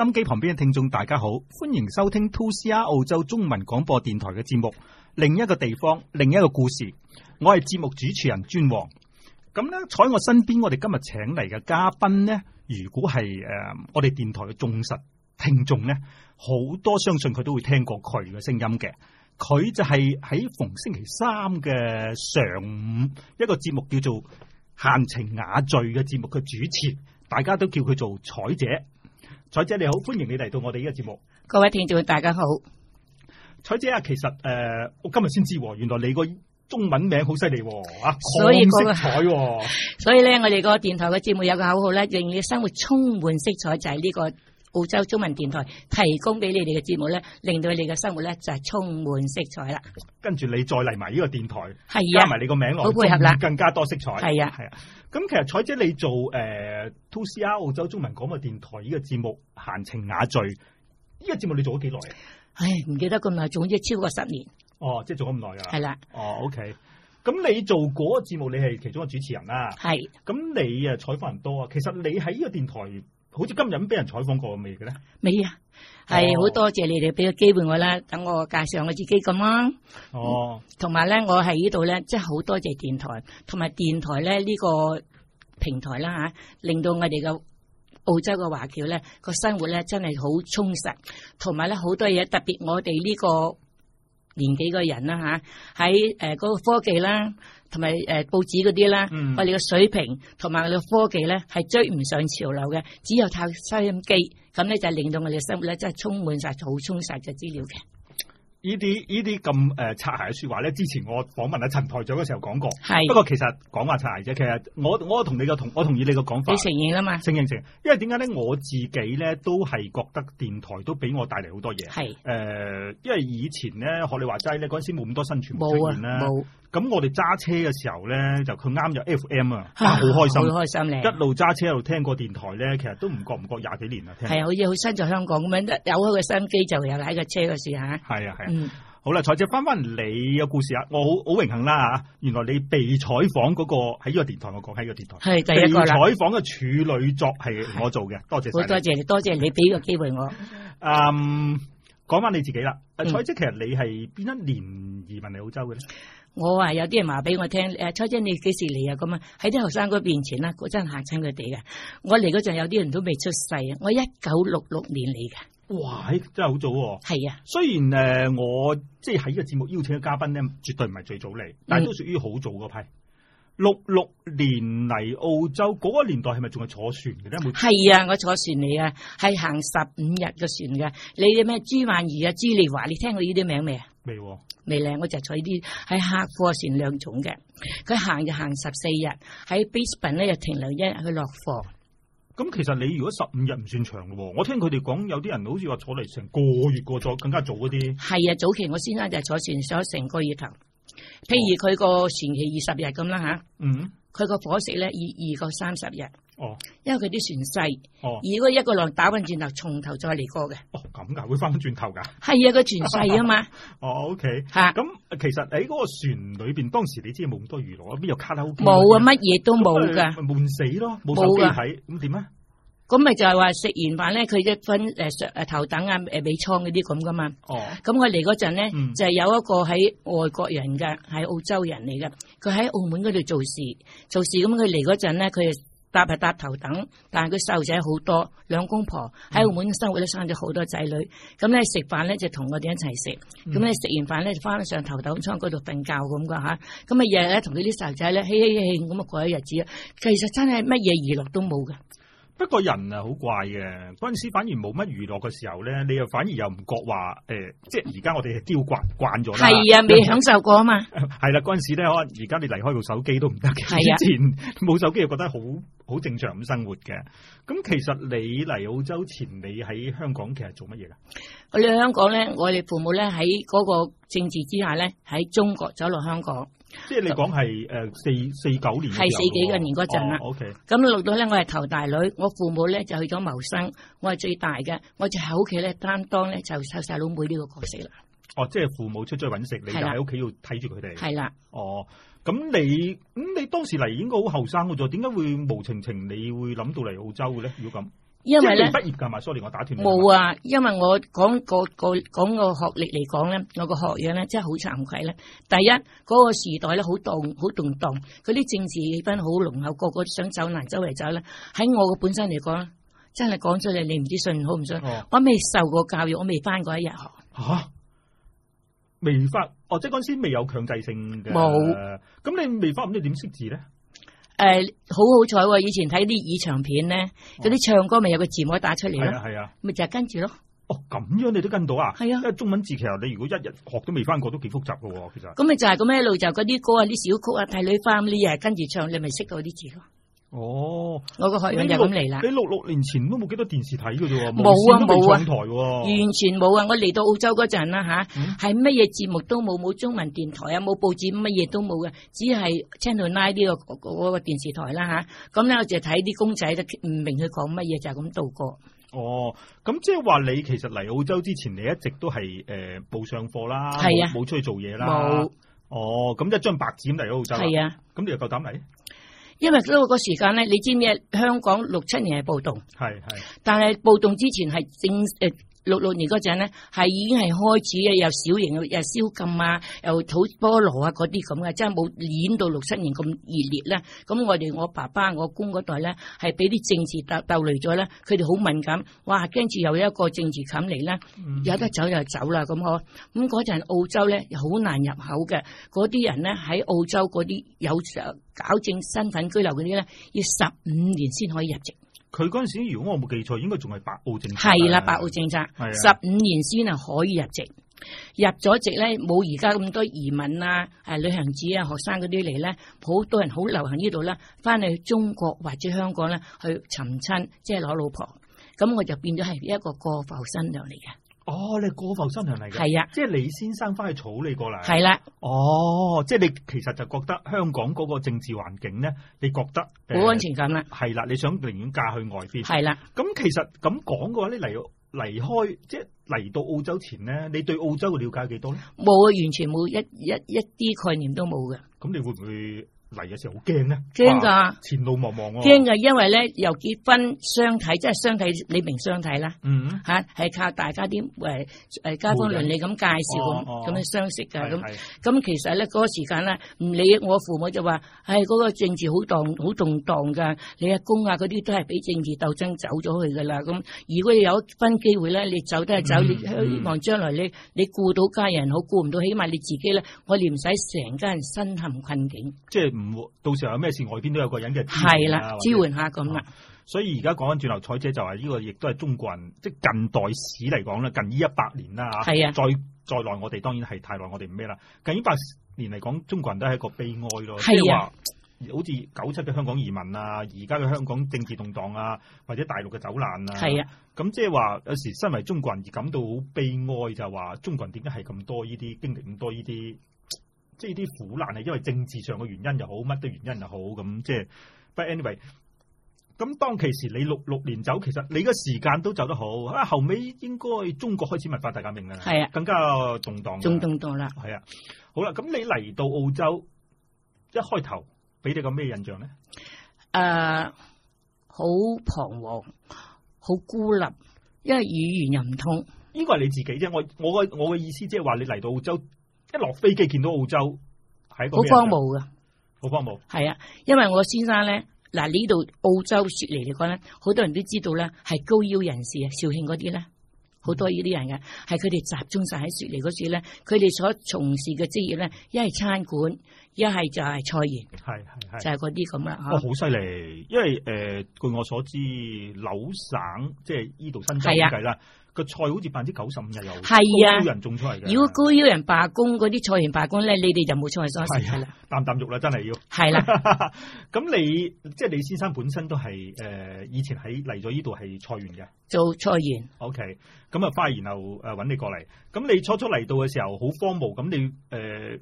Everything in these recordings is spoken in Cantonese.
收音機旁邊嘅聽眾大家好，歡迎收聽 2CR 澳洲中文廣播電台嘅節目，另一個地方，另一個故事。我係節目主持人尊王，咁呢，坐喺我身邊，我哋今日請嚟嘅嘉賓呢，如果係誒、呃、我哋電台嘅忠實聽眾呢，好多相信佢都會聽過佢嘅聲音嘅。佢就係喺逢星期三嘅上午一個節目叫做《閒情雅聚》嘅節目嘅主持，大家都叫佢做彩姐。彩姐你好，歡迎你嚟到我哋呢個節目。各位聽眾大家好，彩姐啊，其實誒，我今日先知喎，原來你個中文名好犀利喎，吓，好色彩喎。所以咧、那個，啊、所以我哋個電台個節目有個口號咧，令你生活充滿色彩，就係呢個。澳洲中文電台提供俾你哋嘅節目咧，令到你哋嘅生活咧就係充滿色彩啦。跟住你再嚟埋呢個電台，啊、加埋你個名落好配合啦，更加多色彩。係啊，係啊。咁其實彩姐你做誒2、呃、CR 澳洲中文廣播電台呢個節目《閒情雅聚》這，呢個節目你做咗幾耐啊？唉，唔記得咁耐，總之超過十年。哦，即係做咗咁耐啊！係、哦、啦。哦，OK。咁你做嗰個節目，你係其中個主持人啦。係。咁你啊，採訪人多啊。其實你喺呢個電台。好似今日咁俾人採訪過未嘅咧？未啊，係好多謝你哋俾個機會我啦，等我介紹我自己咁啦。哦，同埋咧，我喺呢度咧，即係好多謝電台，同埋電台咧呢個平台啦吓，令到我哋嘅澳洲嘅華僑咧個生活咧真係好充實，同埋咧好多嘢，特別我哋呢個。年幾個人啦吓，喺誒嗰個科技啦，同埋誒報紙嗰啲啦，我哋嘅水平同埋我哋嘅科技咧，係追唔上潮流嘅，只有靠收音機，咁咧就令到我哋嘅生活咧真係充滿晒好充實嘅資料嘅。呢啲呢啲咁誒擦鞋嘅說話咧，之前我訪問阿陳台長嘅時候講過，係不過其實講話擦鞋啫。其實我我同你個同我，我同意你個講法，你承認啊嘛，承認承認。因為點解咧？我自己咧都係覺得電台都俾我帶嚟好多嘢。係誒、呃，因為以前咧學你話齋咧嗰陣時冇咁多新傳媒出現啦。咁我哋揸車嘅時候咧，就佢啱咗 F.M. 啊，好開心，好開心，一路揸車一路聽過電台咧，其實都唔覺唔覺廿幾年啦。係啊，好似好新在香港咁樣，有佢個收音機就有。喺個車嘅時吓。係啊係啊。啊嗯、好啦，彩姐翻翻你嘅故事啊，我好好榮幸啦吓。原來你被採訪嗰個喺呢個電台，我講喺呢個電台。係第一個被採訪嘅處女作係我做嘅。謝謝你多謝好多謝，多謝你俾個機會我。嗯，講翻你自己啦。彩姐，其實你係邊一年移民嚟澳洲嘅咧？我話有啲人話俾我聽，誒、啊，彩姐你幾時嚟啊？咁啊，喺啲後生哥面前啦，真嚇親佢哋嘅。我嚟嗰陣有啲人都未出世啊。我一九六六年嚟嘅。哇，真係好早。哦。係啊，雖然誒我即係喺呢個節目邀請嘅嘉賓咧，絕對唔係最早嚟，但係都屬於好早嗰批。六、嗯、六年嚟澳洲嗰，那個年代係咪仲係坐船嘅咧？係啊，我坐船嚟啊，係行十五日嘅船嘅。你哋咩朱萬儀啊、朱利華，你聽過呢啲名未啊？未喎，未嚟。我就坐走走呢啲喺客貨船兩種嘅，佢行就行十四日，喺 Brisbane 咧又停留一日去落貨。咁其實你如果十五日唔算長喎，我聽佢哋講有啲人好似話坐嚟成個月，過咗更加早嗰啲。係啊，早期我先生就坐船坐成個月頭。譬如佢個船期二十日咁啦吓，嗯、哦，佢個伙食咧二二個三十日，哦，因為佢啲船細，哦，如果一個浪打轉、哦、翻轉頭，從頭再嚟過嘅， 哦，咁、okay、噶，會翻翻轉頭噶，係啊，個船細啊嘛，哦，OK，吓，咁其實喺嗰個船裏邊，當時你知冇咁多娛樂，邊有卡拉 OK，冇啊，乜嘢都冇噶，悶死咯，冇手機睇，咁點啊？咁咪就係話食完飯咧，佢一分誒上誒頭等啊誒、呃、尾艙嗰啲咁噶嘛。哦，咁佢嚟嗰陣咧，就係有一個喺外國人噶，喺澳洲人嚟噶，佢喺澳門嗰度做事，做事咁佢嚟嗰陣咧，佢搭係搭頭等，但係佢細路仔好多兩公婆喺、嗯、澳門生活都生咗好多仔女，咁咧食飯咧就同我哋一齊、嗯、食呢，咁咧食完飯咧就翻上頭等艙嗰度瞓覺咁噶嚇，咁啊日日咧同佢啲細路仔咧喜喜慶咁啊過下日子啊，其實真係乜嘢娛樂都冇噶。不過人啊好怪嘅，嗰陣時反而冇乜娛樂嘅時候咧，你又反而又唔覺話誒、呃，即係而家我哋係刁慣慣咗啦。係啊，未享受過啊嘛。係啦、啊，嗰陣時咧，可能而家你離開部手機都唔得嘅。係啊，以前冇手機又覺得好好正常咁生活嘅。咁其實你嚟澳洲前，你喺香港其實做乜嘢噶？我喺香港咧，我哋父母咧喺嗰個政治之下咧，喺中國走落香港。即係你講係，誒，四四九年係四幾個年嗰陣啦，咁、哦、落、okay、到咧我係頭大女，我父母咧就去咗謀生，我係最大嘅，我就喺屋企咧擔當咧就湊細佬妹呢個角色啦。哦，即係父母出咗去搵食，你就喺屋企要睇住佢哋。係啦。哦，咁你咁你當時嚟應該好後生嘅咋？點解會無情情你會諗到嚟澳洲嘅咧？如果咁？因為咧畢業噶嘛，sorry 我打斷冇啊，因為我講個個講個學歷嚟講咧，我個學樣咧真係好慚愧咧。第一，嗰、那個時代咧好動，好動蕩，佢啲政治氣氛好濃厚，個個想走難周圍走嚟走咧。喺我個本身嚟講咧，真係講出嚟你唔知信好唔信。哦、我未受過教育，我未返過一日學。吓、啊，未返？哦，即係嗰陣時未有強制性嘅。冇。咁你未返，咁你點識字咧？誒、呃，好好彩喎！以前睇啲粵語長片咧，嗰啲唱歌咪有個字幕打出嚟，係啊，咪就係跟住咯。哦、咁、哦、樣你都跟到啊？係啊，因為中文字其實你如果一日學都未返過，都幾複雜㗎。其實咁咪就係咁樣一路就嗰啲歌啊、啲小曲啊、帝女花咁，你又係跟住唱，你咪識到啲字咯。哦，我個學員就咁嚟啦。你六你六，六年前都冇幾多電視睇㗎啫喎，無線都冇上台、啊，完全冇啊！我嚟到澳洲嗰陣啦吓，係乜嘢節目都冇，冇中文電台啊，冇報紙，乜嘢都冇嘅，只係 Channel 9呢、這個電、那個電視台啦吓。咁、啊、咧我就睇啲公仔啦，唔明佢講乜嘢就係咁度過。哦，咁即係話你其實嚟澳洲之前，你一直都係誒、呃、報上課啦，冇、啊、出去做嘢啦。冇、啊。哦，咁一張白紙嚟咗澳洲，係啊，咁你又夠膽嚟？因為嗰個時間咧，你知唔知啊？香港六七年係暴動，係係，但係暴動之前係正誒。六六年嗰陣咧，係已經係開始嘅，又小型又燒禁啊，又土菠蘿啊嗰啲咁嘅，即係冇演到六七年咁熱烈啦。咁我哋我爸爸我公嗰代咧，係俾啲政治鬥鬥累咗咧，佢哋好敏感，哇跟住又有一個政治冚嚟啦，有得走就走啦咁可。咁嗰陣澳洲咧好難入口嘅，嗰啲人咧喺澳洲嗰啲有時候搞正身份居留嗰啲咧，要十五年先可以入籍。佢嗰陣時，如果我冇記錯，應該仲係白澳政策，係啦，白澳政策，十五年先係可以入籍，入咗籍咧，冇而家咁多移民啊，誒、呃，旅行者啊，學生嗰啲嚟咧，好多人好流行呢度咧，翻去中國或者香港咧，去尋親，即係攞老婆，咁我就變咗係一個過埠新娘嚟嘅。哦，你過埠新娘嚟嘅，係啊，即係李先生翻去草你過嚟，係啦。哦，即係你其實就覺得香港嗰個政治環境咧，你覺得冇安全感啦、呃。係啦，你想寧願嫁去外邊。係啦、嗯。咁其實咁講嘅話咧，你嚟離開即係嚟到澳洲前咧，你對澳洲嘅了解幾多咧？冇啊，完全冇一一一啲概念都冇嘅、嗯。咁你會唔會？嚟嘅時候好驚咧，驚噶前路茫茫，啊，驚噶，因為咧又結婚相睇，即係相睇，你明相睇啦，吓、嗯、係、嗯啊、靠大家啲誒誒街坊鄰里咁介紹咁咁樣相識噶咁。咁、啊啊、其實咧嗰、那個時間咧，唔理我父母就話，唉、哎、嗰、那個政治好蕩好動蕩噶，你阿公啊嗰啲都係俾政治鬥爭走咗去噶啦。咁如果你有分機會咧，你走都係走，嗯嗯，希望將來你你顧到家人好顧，顧唔到起碼你自己咧，我哋唔使成家人身陷困境。即唔到時候有咩事，外邊都有個人嘅，係啦，支援下咁啦，啊。所以而家講翻轉頭，彩姐就係呢個，亦都係中國人，即係近代史嚟講咧，近呢一百年啦係啊，再再耐，我哋當然係太耐，我哋唔咩啦。近呢百年嚟講，中國人都係一個悲哀咯，即係話好似九七嘅香港移民啊，而家嘅香港政治動盪啊，或者大陸嘅走難啊。係啊，咁即係話有時身為中國人而感到好悲哀，就係話中國人點解係咁多呢啲經歷咁多呢啲。即係啲苦難係因為政治上嘅原因又好，乜嘢原因又好咁，即係。But anyway，咁當其時你六六年走，其實你個時間都走得好。啊，後尾應該中國開始文化大革命啦，係啊，更加動盪。仲動盪啦。係啊，好啦，咁你嚟到澳洲一開頭俾你個咩印象咧？誒、呃，好彷徨，好孤立，因為語言又唔通。呢、呢個係你自己啫，我我嘅我嘅意思即係話你嚟到澳洲。一落飛機見到澳洲，係一個好荒蕪噶，好荒蕪。係啊，因為我先生咧，嗱呢度澳洲雪梨嚟講咧，好多人都知道咧，係高要人士啊，肇慶嗰啲咧，好多呢啲人嘅，係佢哋集中晒喺雪梨嗰處咧，佢哋所從事嘅職業咧，一係餐館。一係就係菜園，係係係，就係嗰啲咁啦。好犀利，因為誒、呃，據我所知，柳省即係依度新州計啦，個、啊、菜好似百分之九十五係由高棉人種出嚟嘅，啊。如果高棉人罷工，嗰啲菜園罷工咧，你哋就冇菜上市啦。啖啖，啊啊、肉啦，真係要。係啦，啊。咁 你即係你先生本身都係誒、呃，以前喺嚟咗依度係菜園嘅，做菜園。OK。咁啊，翻嚟然後誒，揾你過嚟。咁你初初嚟到嘅時候好荒蕪，咁你誒。呃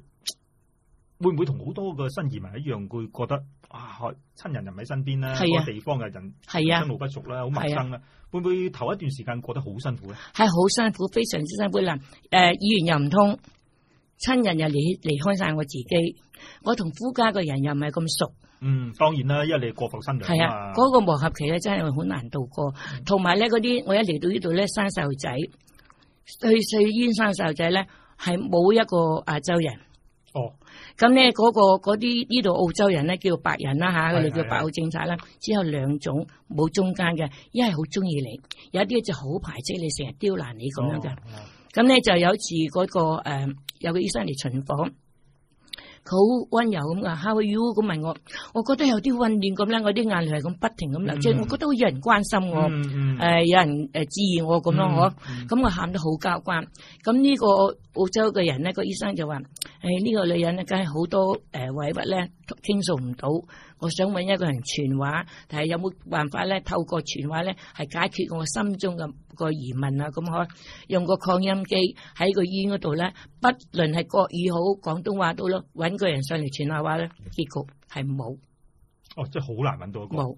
會唔會同好多個新移民一樣，佢會覺得啊，親人又唔喺身邊啦，啊那個、地方嘅人係啊，生路不熟啦，好陌生啦、啊，會唔會頭一段時間過得好辛苦咧？係好辛苦，非常之辛苦啦！誒、呃，語言又唔通，親人又離離開晒我自己，我同夫家嘅人又唔係咁熟。嗯，當然啦，因為你過埠新嚟啊嗰、那個磨合期咧，真係好難度過。同埋咧，嗰啲我一嚟到呢度咧生細路仔，去去醫院生細路仔咧，係冇一個亞洲人。哦，咁咧嗰個嗰啲呢度澳洲人咧叫白人啦，吓，佢哋叫白澳政策啦，只有兩種，冇中間嘅，一係好中意你，有啲就好排斥你，成日刁難你咁樣嘅。咁、哦、咧就有次嗰、嗰個誒，有個醫生嚟巡房，佢好溫柔咁噶，How are you？咁問我，我覺得有啲混亂咁咧，我啲眼淚係咁不停咁流，即係我覺得會有人關心我，誒，有人誒支援我咁咯，嗬。咁我喊得好交關，咁呢個澳洲嘅人咧，個醫生就話，誒，呢個女人咧，梗係好多誒委屈咧，傾訴唔到。我想揾一個人傳話，但係有冇辦法咧？透過傳話咧，係解決我心中嘅個疑問啊！咁可，用個擴音機喺個醫院嗰度咧，不論係國語好廣東話都咯，揾個人上嚟傳下話咧，結局係冇。哦，即係好難揾到一個冇，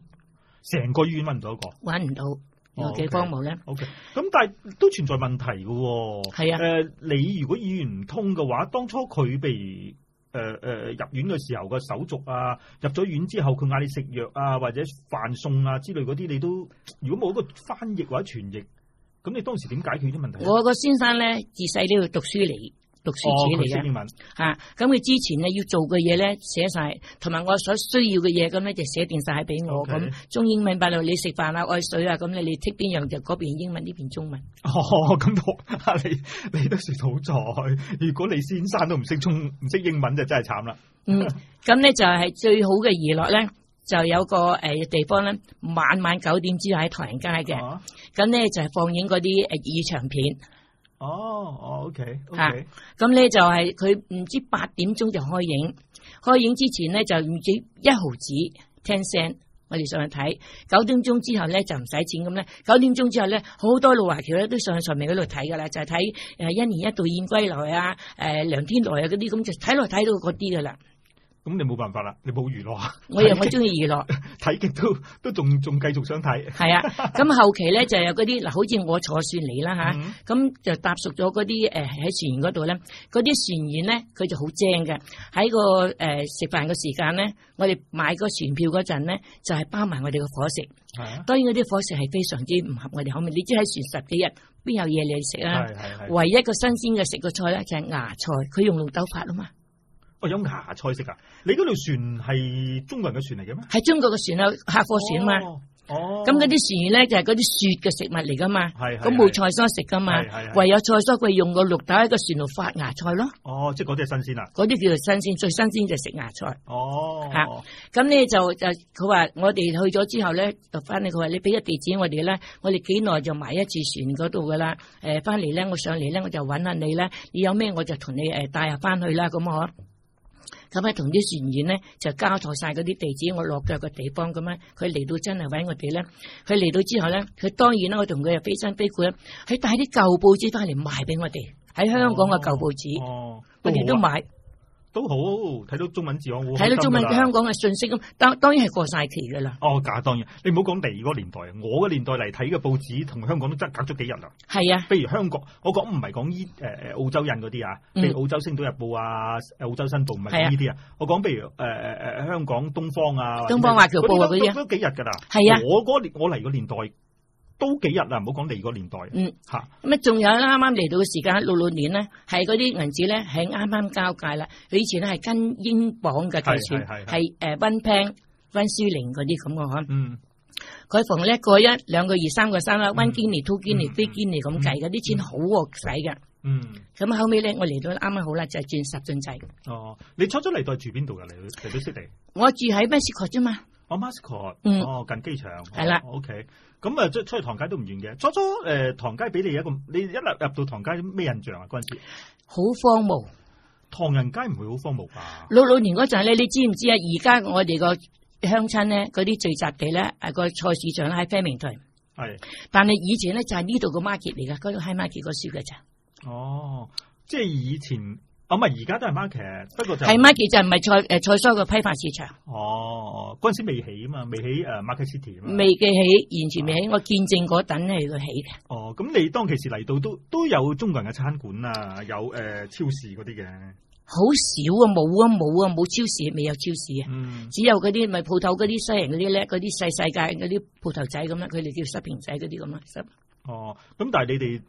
成個醫院揾唔到一個，揾唔到，到，有幾方冇咧？哦，OK，咁，okay，但係都存在問題嘅喎。係啊，誒，呃，你如果語言唔通嘅話，當初佢被。誒、呃、誒，入院嘅時候個手續啊，入咗院之後佢嗌你食藥啊，或者飯餸啊之類嗰啲，你都如果冇一個翻譯或者傳譯，咁你當時點解決啲問題？我個先生咧自細都要讀書嚟。讀書紙嚟嘅英文，吓，咁佢之前咧要做嘅嘢咧寫晒，同埋我所需要嘅嘢咁咧就寫掂晒俾我咁。Okay. 中英文擺落去你食飯啦，愛水啦，啊，咁你你識邊樣就嗰邊英文呢邊中文。哦，咁你你都食好彩。如果你先生都唔識中唔識英文就真係慘啦。 嗯，咁咧就係最好嘅娛樂咧，就有個誒地方咧，晚晚九點之後喺唐人街嘅，咁、哦、咧就係放映嗰啲誒異長片。哦，哦，OK，OK，、okay, okay、咁咧、啊、就係佢唔知八點鐘就開影，開影之前咧就唔止一毫子聽聲，cent, 我哋上去睇，九點鐘之後咧就唔使錢咁咧，九點鐘之後咧好多路華僑咧都上去上面嗰度睇噶啦，就係睇誒一年一度燕歸來啊，誒、呃、梁天來啊嗰啲咁就睇嚟睇到嗰啲噶啦。看來看來看咁你冇辦法啦，你冇娛樂。我又我中意娛樂，睇極都都仲仲繼續想睇。係啊，咁後期咧就有嗰啲嗱，好似我坐船嚟啦吓，咁 就搭熟咗嗰啲誒喺船員嗰度咧，嗰啲船員咧佢就好正嘅。喺個誒食飯嘅時間咧，我哋買個船票嗰陣咧就係、是、包埋我哋嘅伙食。啊、當然嗰啲伙食係非常之唔合我哋口味。你知喺船十幾日邊有嘢嚟食啊？是是是是唯一一個新鮮嘅食個菜咧就係芽菜，佢用綠豆發啊嘛。我、哦、有芽菜食啊。你嗰條船係中國人嘅船嚟嘅咩？係中國嘅船啊，客貨船啊嘛。哦。咁嗰啲船員咧就係嗰啲雪嘅食物嚟噶嘛。係咁冇菜蔬食噶嘛，哦哦哦。唯有菜蔬佢用個綠豆喺個船度發芽菜咯。哦，即係嗰啲係新鮮啊？嗰啲叫做新鮮，最新鮮就係食芽菜。哦。吓、啊，咁咧就就佢話我哋去咗之後咧，就翻嚟佢話你俾個地址我哋啦，我哋幾耐就買一次船嗰度噶啦。誒、呃，翻嚟咧，我上嚟咧，我就揾下你咧。你有咩我就同你誒、呃、帶下翻去啦，咁我。咁咧同啲船員咧就交代曬嗰啲地址，我落腳嘅地方咁啊，佢嚟到真係揾我哋咧，佢嚟到之後咧，佢當然啦，我同佢係非親非故啦，佢帶啲舊報紙翻嚟賣俾我哋，喺香港嘅舊報紙，哦哦、我哋都買。都好，睇到中文字我睇到中文的香港嘅信息咁，當然當然係過晒期噶啦。哦，假當然，你唔好講第二個年代啊！我嘅年代嚟睇嘅報紙同香港都真隔咗幾日啦。係啊，譬如香港，我講唔係講呢誒誒澳洲印嗰啲啊，譬如澳洲《星島日報》啊、嗯，《澳洲新報》唔係講呢啲啊，我講譬如誒誒誒香港東方《東方華僑報》啊，都《東方華僑報》嗰啲，隔咗幾日噶啦。係啊，我嗰年我嚟嗰年代。都幾日啦，唔好講你二個年代。嗯，吓，咁啊，仲有啱啱嚟到嘅時間六六年咧，係嗰啲銀紙咧，係啱啱交界啦。佢以前係跟英鎊嘅計算，係誒、uh, one pound one shilling 嗰啲咁嘅嗬。嗯，佢逢叻個一、兩個二、三個三啦，one guinea two guinea three guinea 咁計嘅，啲錢好惡使㗎。嗯，咁、嗯嗯、後尾咧，我嚟到啱啱好啦，就轉十進制。哦，你初咗嚟到住邊度噶？你喺乜嘢我住喺咩市啫嘛？我、oh, Mascot，哦、oh, 嗯、近機場係啦，OK，咁啊即係出去唐街都唔遠嘅，初初誒、呃、唐街俾你一個，你一入入到唐街咩印象啊？嗰陣時好荒蕪，唐人街唔會好荒蕪吧？六六年嗰陣咧，你知唔知啊？而家我哋個鄉親咧，嗰啲聚集地咧，誒個菜市場咧喺 Flemington，係，但係以前咧就係呢度個 market 嚟嘅，嗰個係 market 個書嘅咋，哦，即係以前。咁咪而家都係 market，不過就係 market 就唔係菜誒、呃、菜蔬嘅批發市場。哦，嗰、哦、陣時未起啊嘛，未起誒、啊、Market City 啊嘛，未嘅起，完全未起、啊。我見證嗰等係佢起嘅。哦，咁你當其時嚟到都都有中國人嘅餐館啊，有誒、呃、超市嗰啲嘅。好少啊，冇啊，冇啊，冇超市，未有超市啊。嗯、只有嗰啲咪鋪頭嗰啲西人嗰啲咧，嗰啲細世界嗰啲鋪頭仔咁樣，佢哋叫 shopping 仔嗰啲咁樣。哦，咁但係你哋。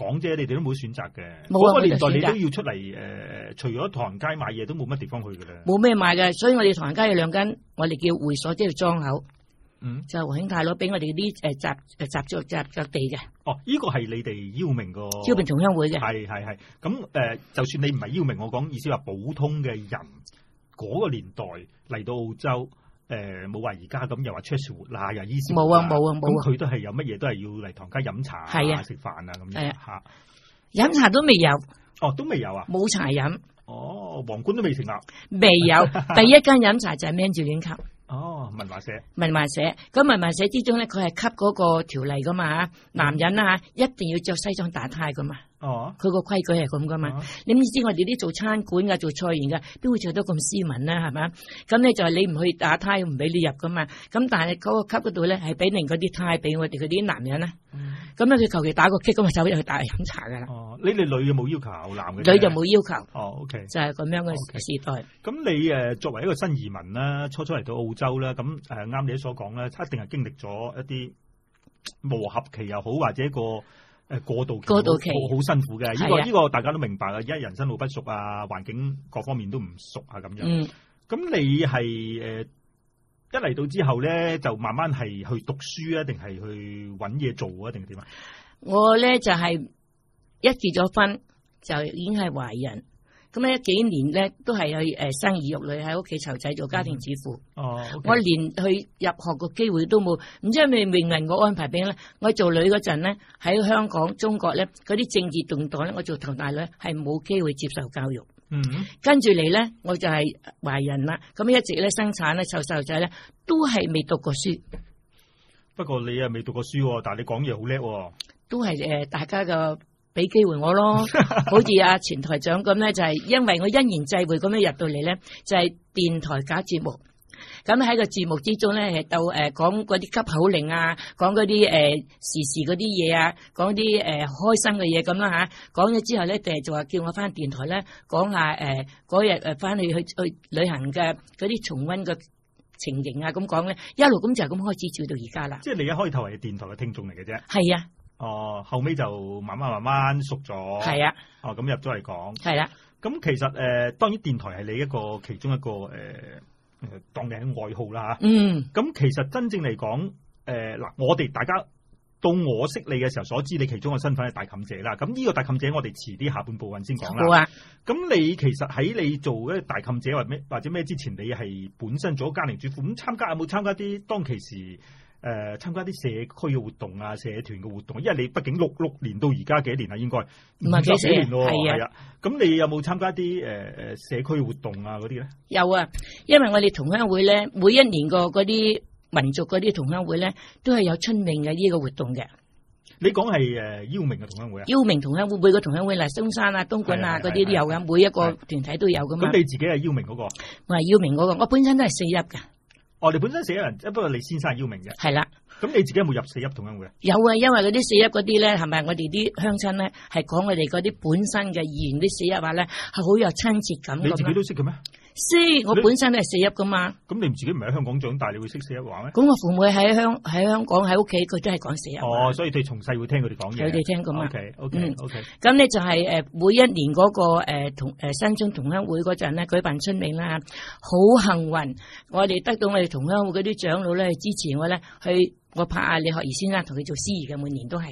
彩姐你哋都冇選擇嘅。嗰、那個年代們，都你都要出嚟，誒、呃，除咗唐人街買嘢都冇乜地方去嘅啦。冇咩買嘅，所以我哋唐人街有兩間，我哋叫會所，即係莊口。嗯，就黃興泰攞俾我哋啲誒集誒集作集地嘅。哦，呢個係你哋邀明個。邀明同鄉會嘅。係係係，咁誒、呃，就算你唔係邀明，我講意思話普通嘅人，嗰、那個年代嚟到澳洲。誒、呃，冇話而家咁又話出事活啦，又醫生冇啊冇啊冇啊，佢、啊啊、都係有乜嘢都係要嚟唐家飲茶，係啊食飯啊咁、啊、樣吓、啊，飲茶都未有，哦都未有啊，冇茶飲，哦皇冠都未成立，未有， 第一間飲茶就係咩趙英吸，哦文華社，文華社，咁文華社之中咧佢係吸嗰個條例噶嘛，男人啊吓一定要着西裝打呔噶嘛。哦、啊，佢個規矩係咁噶嘛？啊、你唔知我哋啲做餐館噶、做菜員噶，都會做得咁斯文啦，係咪？咁你就係你唔去打呔，唔俾你入噶嘛？咁但係嗰個級嗰度咧，係俾另嗰啲呔俾我哋嗰啲男人啦。咁咧佢求其打個 k 咁啊，走入去大飲茶噶啦。哦，你哋女嘅冇要求，男嘅女就冇要求。哦，OK，就係咁樣嘅時代。咁、okay，你誒，作為一個新移民啦，初初嚟到澳洲啦，咁誒啱你所講咧，一定係經歷咗一啲磨合期又好，或者一個。誒過渡期很過好辛苦嘅，呢、呢個依、呢個大家都明白啊！一，人生路不熟啊，環境各方面都唔熟啊，咁樣。咁、嗯、你係誒一嚟到之後咧，就慢慢係去讀書啊，定係去搵嘢做啊，定係點啊？我咧就係、是、一結咗婚就已經係懷孕。咁咧，幾年咧都係去誒生兒育女，喺屋企湊仔，做家庭主婦。哦，我連去入學個機會都冇。唔知係咪命運個安排畀咧？我做女嗰陣咧，喺香港、中國咧嗰啲政治動盪咧，我做頭大女係冇機會接受教育。嗯，跟住嚟咧，我就係懷孕啦。咁一直咧生產咧，湊細路仔咧，都係未讀過書。不過你又未讀過書喎，但係你講嘢好叻喎。都係誒，大家個。俾機會我咯，好似阿前台長咁咧，就係因為我因緣際會咁樣入到嚟咧，就係電台搞節目。咁喺個節目之中咧，係到誒講嗰啲急口令啊，講嗰啲誒時事嗰啲嘢啊，講啲誒開心嘅嘢咁啦吓。講咗之後咧，就係就話叫我翻電台咧講下誒嗰日誒翻去去去旅行嘅嗰啲重溫嘅情形啊，咁講咧一路咁就咁開始照到而家啦。即係你一開頭係電台嘅聽眾嚟嘅啫。係啊。哦，後尾就慢慢慢慢熟咗，係啊，哦咁入咗嚟講，係啊，咁其實誒、呃、當然電台係你一個其中一個誒、呃、當嘅愛好啦嗯，咁其實真正嚟講誒嗱，我哋大家到我識你嘅時候所知，你其中嘅身份係大妗姐啦，咁呢個大妗姐，我哋遲啲下半部分先講啦。好啊，咁你其實喺你做大妗姐或咩或者咩之前，你係本身做咗家庭主婦，咁參加有冇參加啲當其時？誒、呃，參加啲社區嘅活動啊，社團嘅活動，因為你畢竟六六年到而家幾年啊，應該唔係幾年係啊？咁、啊、你有冇參加啲誒誒社區活動啊，嗰啲咧？有啊，因為我哋同鄉會咧，每一年個嗰啲民族嗰啲同鄉會咧，都係有春茗嘅呢個活動嘅。你講係誒邀明嘅同鄉會啊？邀明同鄉會，每個同鄉會，例如中山啊、東莞啊嗰啲都有嘅，啊，每一個團體都有噶嘛。咁、啊、你自己係邀明嗰、那個？我係邀明嗰、那個，我本身都係四邑㗎。哦，你本身四邑人，只不過李先生係要命嘅。係啦的，咁你自己有冇入四邑同鄉會？啊？有啊，因為嗰啲四邑嗰啲咧，係咪我哋啲鄉親咧，係講我哋嗰啲本身嘅語言，啲四邑話咧，係好有親切感。你自己都識嘅咩？知我本身都係四邑噶嘛，咁你唔自己唔喺香港長大，你會識四邑話咩？咁我父母喺香喺香港喺屋企，佢都係講四邑哦，所以佢從細會聽佢哋講嘢，佢哋聽噶嘛。O K，O K，O K。咁、okay, 咧、okay, okay. 嗯、就係誒、每一年嗰、那個誒、啊、同誒、啊、新春同鄉會嗰陣咧舉辦春茗啦，好幸運，我哋得到我哋同鄉會嗰啲長老咧支持我咧，去我拍阿李學儀先生同佢做司儀嘅，每年都係。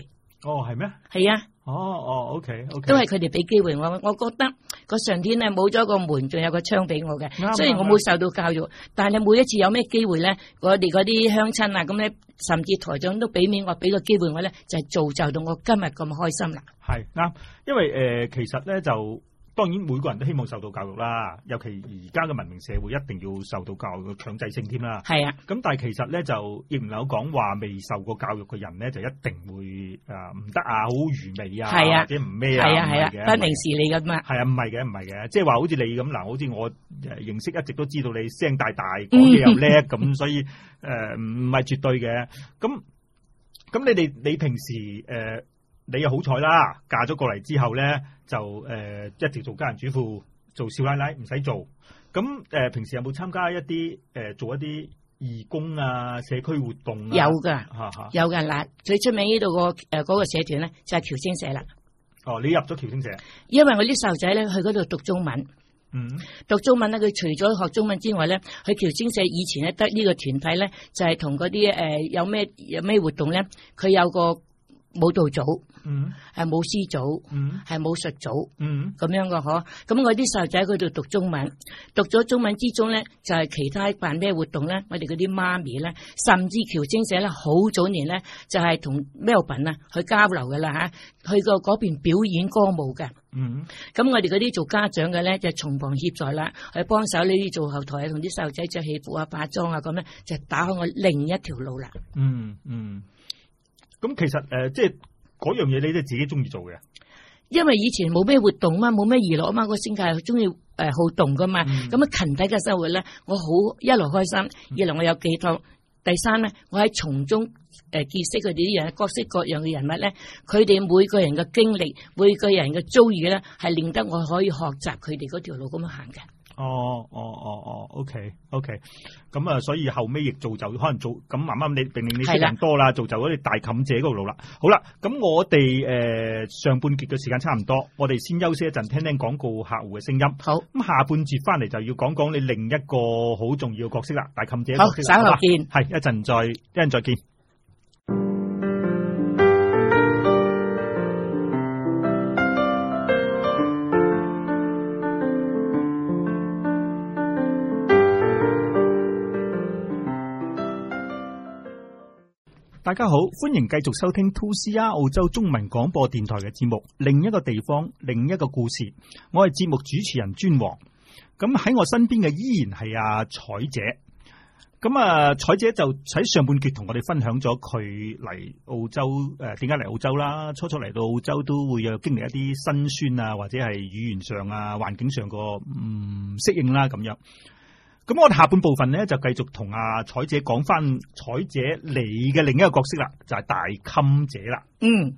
哦，係咩？係啊。哦哦，OK OK，都係佢哋俾機會我，我覺得個上天咧冇咗個門，仲有個窗俾我嘅。雖然我冇受到教育，但係你每一次有咩機會咧，我哋嗰啲鄉親啊，咁咧甚至台長都俾面我，俾個機會我咧，就係造就到我今日咁開心啦。係啱，因為誒、呃、其實咧就。當然每個人都希望受到教育啦，尤其而家嘅文明社會一定要受到教育嘅強制性添啦。係啊，咁但係其實咧就亦唔能夠講話未受過教育嘅人咧就一定會啊唔得啊，好愚昧啊，或者唔咩啊，係啊係啊，不明事理咁啊。係啊，唔係嘅唔係嘅，即係話好似你咁嗱，好似我認識一直都知道你聲大大，講嘢又叻咁，所以誒唔係絕對嘅。咁咁你哋你平時誒？你又好彩啦，嫁咗過嚟之後咧，就誒、呃、一條做家人主婦，做少奶奶唔使做。咁誒、呃，平時有冇參加一啲誒、呃、做一啲義工啊、社區活動啊？有噶，有噶。嗱，最出名呢度個誒嗰個社團咧，就係僑青社啦。哦，你入咗僑青社？因為我啲細路仔咧去嗰度讀中文。嗯。讀中文咧，佢除咗學中文之外咧，去僑青社以前咧得個團，呢個團體咧，就係同嗰啲誒有咩有咩活動咧，佢有個。舞蹈組，係舞獅組，係武、嗯、術組，咁、嗯、樣嘅嗬。咁我啲細路仔佢度讀中文，讀咗中文之中咧，就係、是、其他辦咩活動咧。我哋嗰啲媽咪咧，甚至僑青社咧，好早年咧就係同 Melbourne 去交流㗎啦吓，去到嗰邊表演歌舞嘅。咁、嗯、我哋嗰啲做家長嘅咧就從、是、旁協助啦，去幫手呢啲做後台同啲細路仔着戲服啊、化妝啊咁咧，就打開我另一條路啦。嗯嗯。咁其實誒、呃，即係嗰樣嘢，你都係自己中意做嘅。因為以前冇咩活動啊嘛，冇咩娛樂啊嘛，個性格又中意誒好動噶嘛。咁、嗯、啊，群體嘅生活咧，我好一來開心，二來我有寄託，第三咧，我喺從中誒結、呃、識佢哋啲人，各式各樣嘅人物咧，佢哋每個人嘅經歷，每個人嘅遭遇咧，係令得我可以學習佢哋嗰條路咁樣行嘅。哦，哦，哦，哦，OK，OK，咁啊，所以後尾亦做就可能做，咁慢慢你令令你識人多啦，做就嗰啲大妗姐嗰條路啦。好啦，咁我哋誒上半節嘅時間差唔多，我哋先休息一陣，聽聽廣告客戶嘅聲音。好，咁下半節翻嚟就要講講你另一個好重要嘅角色啦，大妗姐。好，稍後見。係，一陣再一陣再見。大家好，歡迎繼續收聽 2CR 澳洲中文廣播電台嘅節目，另一個地方，另一個故事。我係節目主持人尊王，咁喺我身邊嘅依然係阿、啊、彩姐，咁啊彩姐就喺上半節同我哋分享咗佢嚟澳洲，誒點解嚟澳洲啦？初初嚟到澳洲都會有經歷一啲辛酸啊，或者係語言上啊、環境上個唔、嗯、適應啦，咁樣。咁我下半部分咧就繼續同阿彩姐講返彩姐你嘅另一個角色啦，就係、是、大襟姐啦。嗯，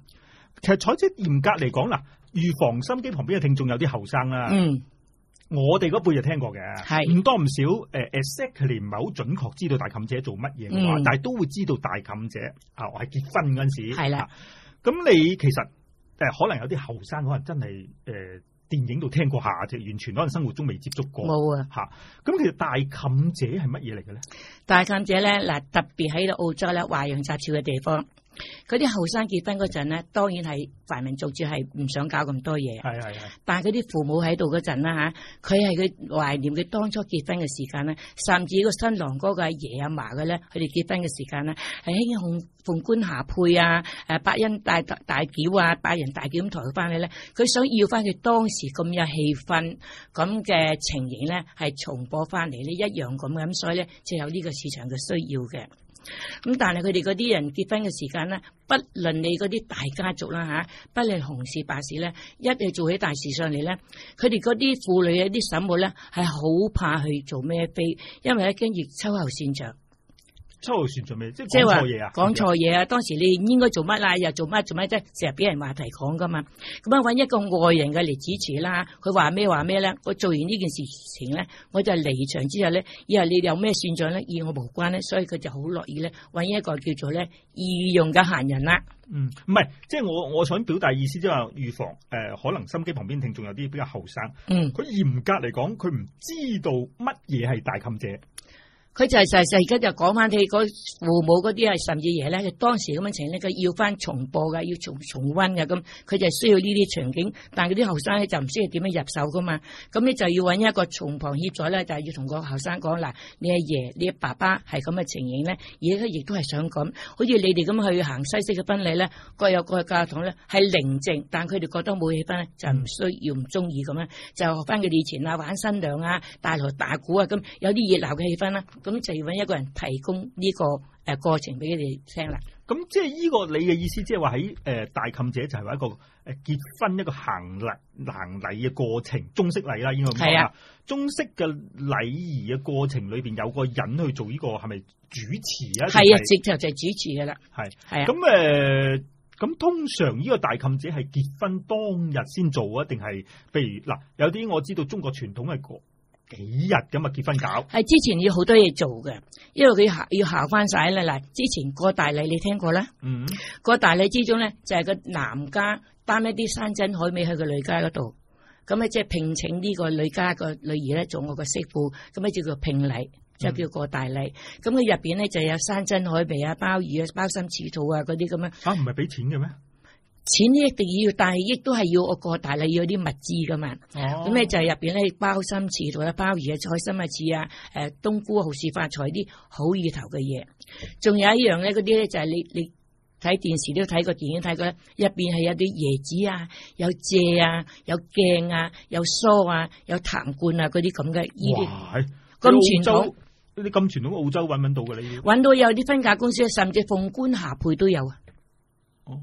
其實彩姐嚴格嚟講，啦預防心機旁邊嘅聽眾有啲後生啦。嗯，我哋嗰輩就聽過嘅，係唔多唔少。誒、呃、，exactly 唔係好準確知道大襟姐做乜嘢嘅話，嗯、但係都會知道大襟姐啊，我係結婚嗰陣時係啦。咁、啊、你其實誒、呃，可能有啲後生可能真係誒。呃電影度聽過下啫，完全可能生活中未接觸過。冇啊，吓、啊，咁其實大妗姐係乜嘢嚟嘅咧？大妗姐咧，嗱特別喺到澳洲咧，華洋雜處嘅地方。嗰啲後生結婚嗰陣咧，當然係凡民族主係唔想搞咁多嘢。係係係，但係嗰啲父母喺度嗰陣啦吓，佢係佢懷念佢當初結婚嘅時間咧，甚至個新郎哥嘅阿爺阿嫲嘅咧，佢哋結婚嘅時間咧，係興紅紅冠霞帔啊，誒，百恩大大轎啊，百人大轎咁抬佢翻去咧，佢想要翻佢當時咁有氣氛咁嘅情形咧，係重播翻嚟呢一樣咁咁，所以咧就有呢個市場嘅需要嘅。咁但係佢哋嗰啲人結婚嘅時間咧，不論你嗰啲大家族啦吓，不論紅事白事咧，一定做起大事上嚟咧，佢哋嗰啲婦女啊啲嬸母咧，係好怕去做孭飛，因為咧驚越秋後現場。算做咩，即係講錯嘢啊！講錯嘢啊！是是當時你應該做乜啦？又做乜做乜啫？成日俾人話題講噶嘛？咁啊，揾一個外人嘅嚟主持啦。佢話咩話咩咧？我做完呢件事情咧，我就離場之後咧，以後你有咩算賬咧，與我無關咧。所以佢就好樂意咧，揾一個叫做咧御用嘅閒人啦、嗯。嗯，唔係，即、就、係、是、我我想表達意思即係話預防誒、呃，可能心機旁邊聽仲有啲比較後生。嗯，佢嚴格嚟講，佢唔知道乜嘢係大冚者。佢就係、是、就係而家就講翻佢嗰父母嗰啲啊，甚至爺咧，當時咁嘅情咧，佢要翻重播嘅，要重重溫嘅咁，佢就需要呢啲場景。但嗰啲後生咧就唔需要點樣入手噶嘛，咁你就要搵一個從旁協助咧，就係、是、要同個後生講嗱，你阿爺、你阿爸爸係咁嘅情形咧，而家亦都係想咁，好似你哋咁去行西式嘅婚禮咧，各有各嘅教堂咧係寧靜，但佢哋覺得冇氣氛咧，就唔需要唔中意咁樣，就學翻佢哋以前啊玩新娘啊大來大鼓啊咁有啲熱鬧嘅氣氛啦。咁就要搵一個人提供呢、這個誒、呃、過程俾你聽啦。咁即係呢個你嘅意思，即係話喺誒大妗姐就係話一個誒結婚一個行禮行禮嘅過程，中式禮啦應該係啊。中式嘅禮儀嘅過程裏邊有個人去做呢、這個係咪主持啊？係啊，直頭就係主持噶啦。係係啊。咁、嗯、誒，咁、呃、通常呢個大妗姐係結婚當日先做啊，定係譬如嗱，有啲我知道中國傳統嘅個。幾日咁啊？結婚搞係之前要好多嘢做嘅，因為佢要行翻晒呢，嗱，之前過大禮你聽過啦？嗯，過大禮之中咧就係個男家擔一啲山珍海味去個女家嗰度，咁咧即係聘請呢個女家個女兒咧做我個媳婦，咁咧就叫聘禮，就叫過大禮。咁佢入邊咧就有山珍海味啊、鮑魚啊、鮑參翅肚啊嗰啲咁樣。啊，唔係俾錢嘅咩？錢一定要，但係亦都係要我過大禮要啲物資噶嘛。咁、哦、咧、啊、就係入邊咧包心翅同埋鮑魚啊、菜心啊、翅、呃、啊、誒冬菇、好事發財啲好意頭嘅嘢。仲有一樣咧，嗰啲咧就係你你睇電視都睇過，電影睇過咧，入邊係有啲椰子啊、有蔗啊、有鏡啊、啊、有梳啊、有痰罐啊嗰啲咁嘅。哇！咁傳統，呢啲咁傳統喺澳洲搵唔搵到噶？你要搵到有啲婚嫁公司，甚至鳳冠霞帔都有啊。哦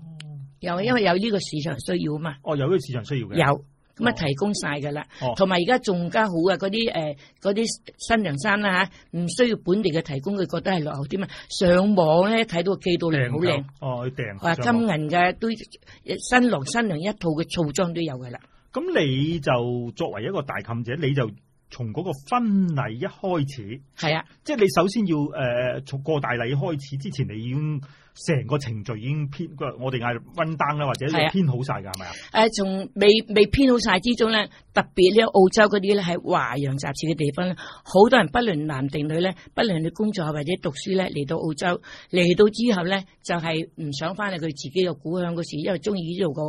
有，因為有呢個市場需要啊嘛，哦有呢個市場需要嘅，有咁啊提供晒噶啦，同埋而家仲加好那些、呃、那些啊嗰啲誒嗰啲新娘衫啦吓，唔需要本地嘅提供，佢覺得係落後啲嘛？上網咧睇到嘅到量好靚，哦去訂，話金銀嘅都新郎新娘一套嘅套裝都有噶啦。咁你就作為一個大妗姐，你就。從嗰個婚禮一開始，係啊，即係你首先要誒從、呃、過大禮開始之前，你已經成個程序已經編個我哋嗌 run down 啦，或者係編好晒噶係咪啊？誒，從、呃、未未編好晒之中咧，特別呢澳洲嗰啲咧喺華洋雜處嘅地方咧，好多人不論男定女咧，不論你工作或者讀書咧，嚟到澳洲嚟到之後咧，就係、是、唔想翻去佢自己個故鄉嗰時，因為中意呢度個。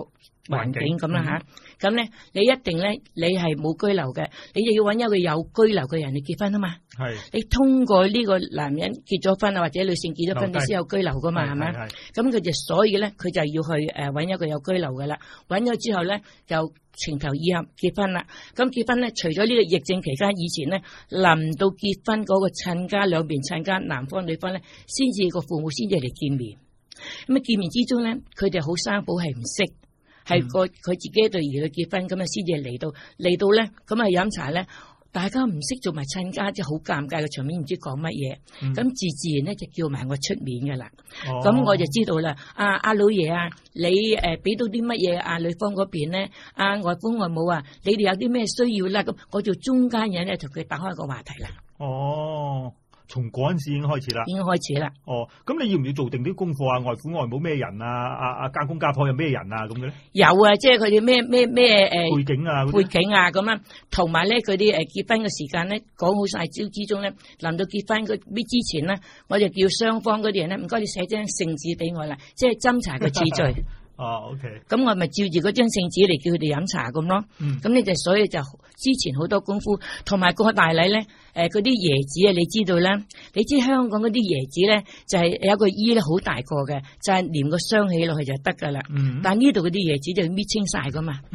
環境咁啦吓，咁、嗯、咧你一定咧，你係冇居留嘅，你就要揾一個有居留嘅人嚟結婚啊嘛。係你通過呢個男人結咗婚啊，或者女性結咗婚，哦、你先有居留噶嘛？係咪？咁佢就所以咧，佢就要去誒揾一個有居留嘅啦。揾咗之後咧，就情投意合結婚啦。咁結婚咧，除咗呢個疫症期間，以前咧臨到結婚嗰個親家兩邊親家，男方女方咧，先至個父母先至嚟見面咁啊。見面之中咧，佢哋好生保係唔識。係個佢自己一對兒女結婚咁啊，先至嚟到嚟到咧，咁啊飲茶咧，大家唔識做埋親家，即係好尷尬嘅場面，唔知講乜嘢。咁、嗯、自自然咧就叫埋我出面噶啦。咁、哦、我就知道啦，阿、啊、阿老爺啊，你誒俾到啲乜嘢阿女方嗰邊咧？阿、啊、外公外母啊，你哋有啲咩需要啦？咁我做中間人咧，同佢打開個話題啦。哦。從嗰陣時已經開始啦，已經開始啦。哦，咁你要唔要做定啲功課啊？外父外母咩人啊？啊阿家公家婆又咩人啊？咁嘅咧，有啊，即係佢哋咩咩咩誒背景啊，背景啊咁樣，同埋咧佢哋結婚嘅時間咧講好曬招之中咧，臨到結婚啲之前咧，我就叫雙方嗰啲人咧，唔該你寫張聖紙俾我啦，即係斟查個次序。 哦，OK，咁我咪照住嗰張聖旨嚟叫佢哋飲茶咁咯。咁你就所以就之前好多功夫，同埋過大禮咧，誒、呃，嗰啲椰子啊，你知道啦，你知香港嗰啲椰子咧就係、是、有個個衣咧好大個嘅，就係、是、連個箱起落去就得噶啦。但呢度嗰啲椰子就搣清晒噶嘛。咁、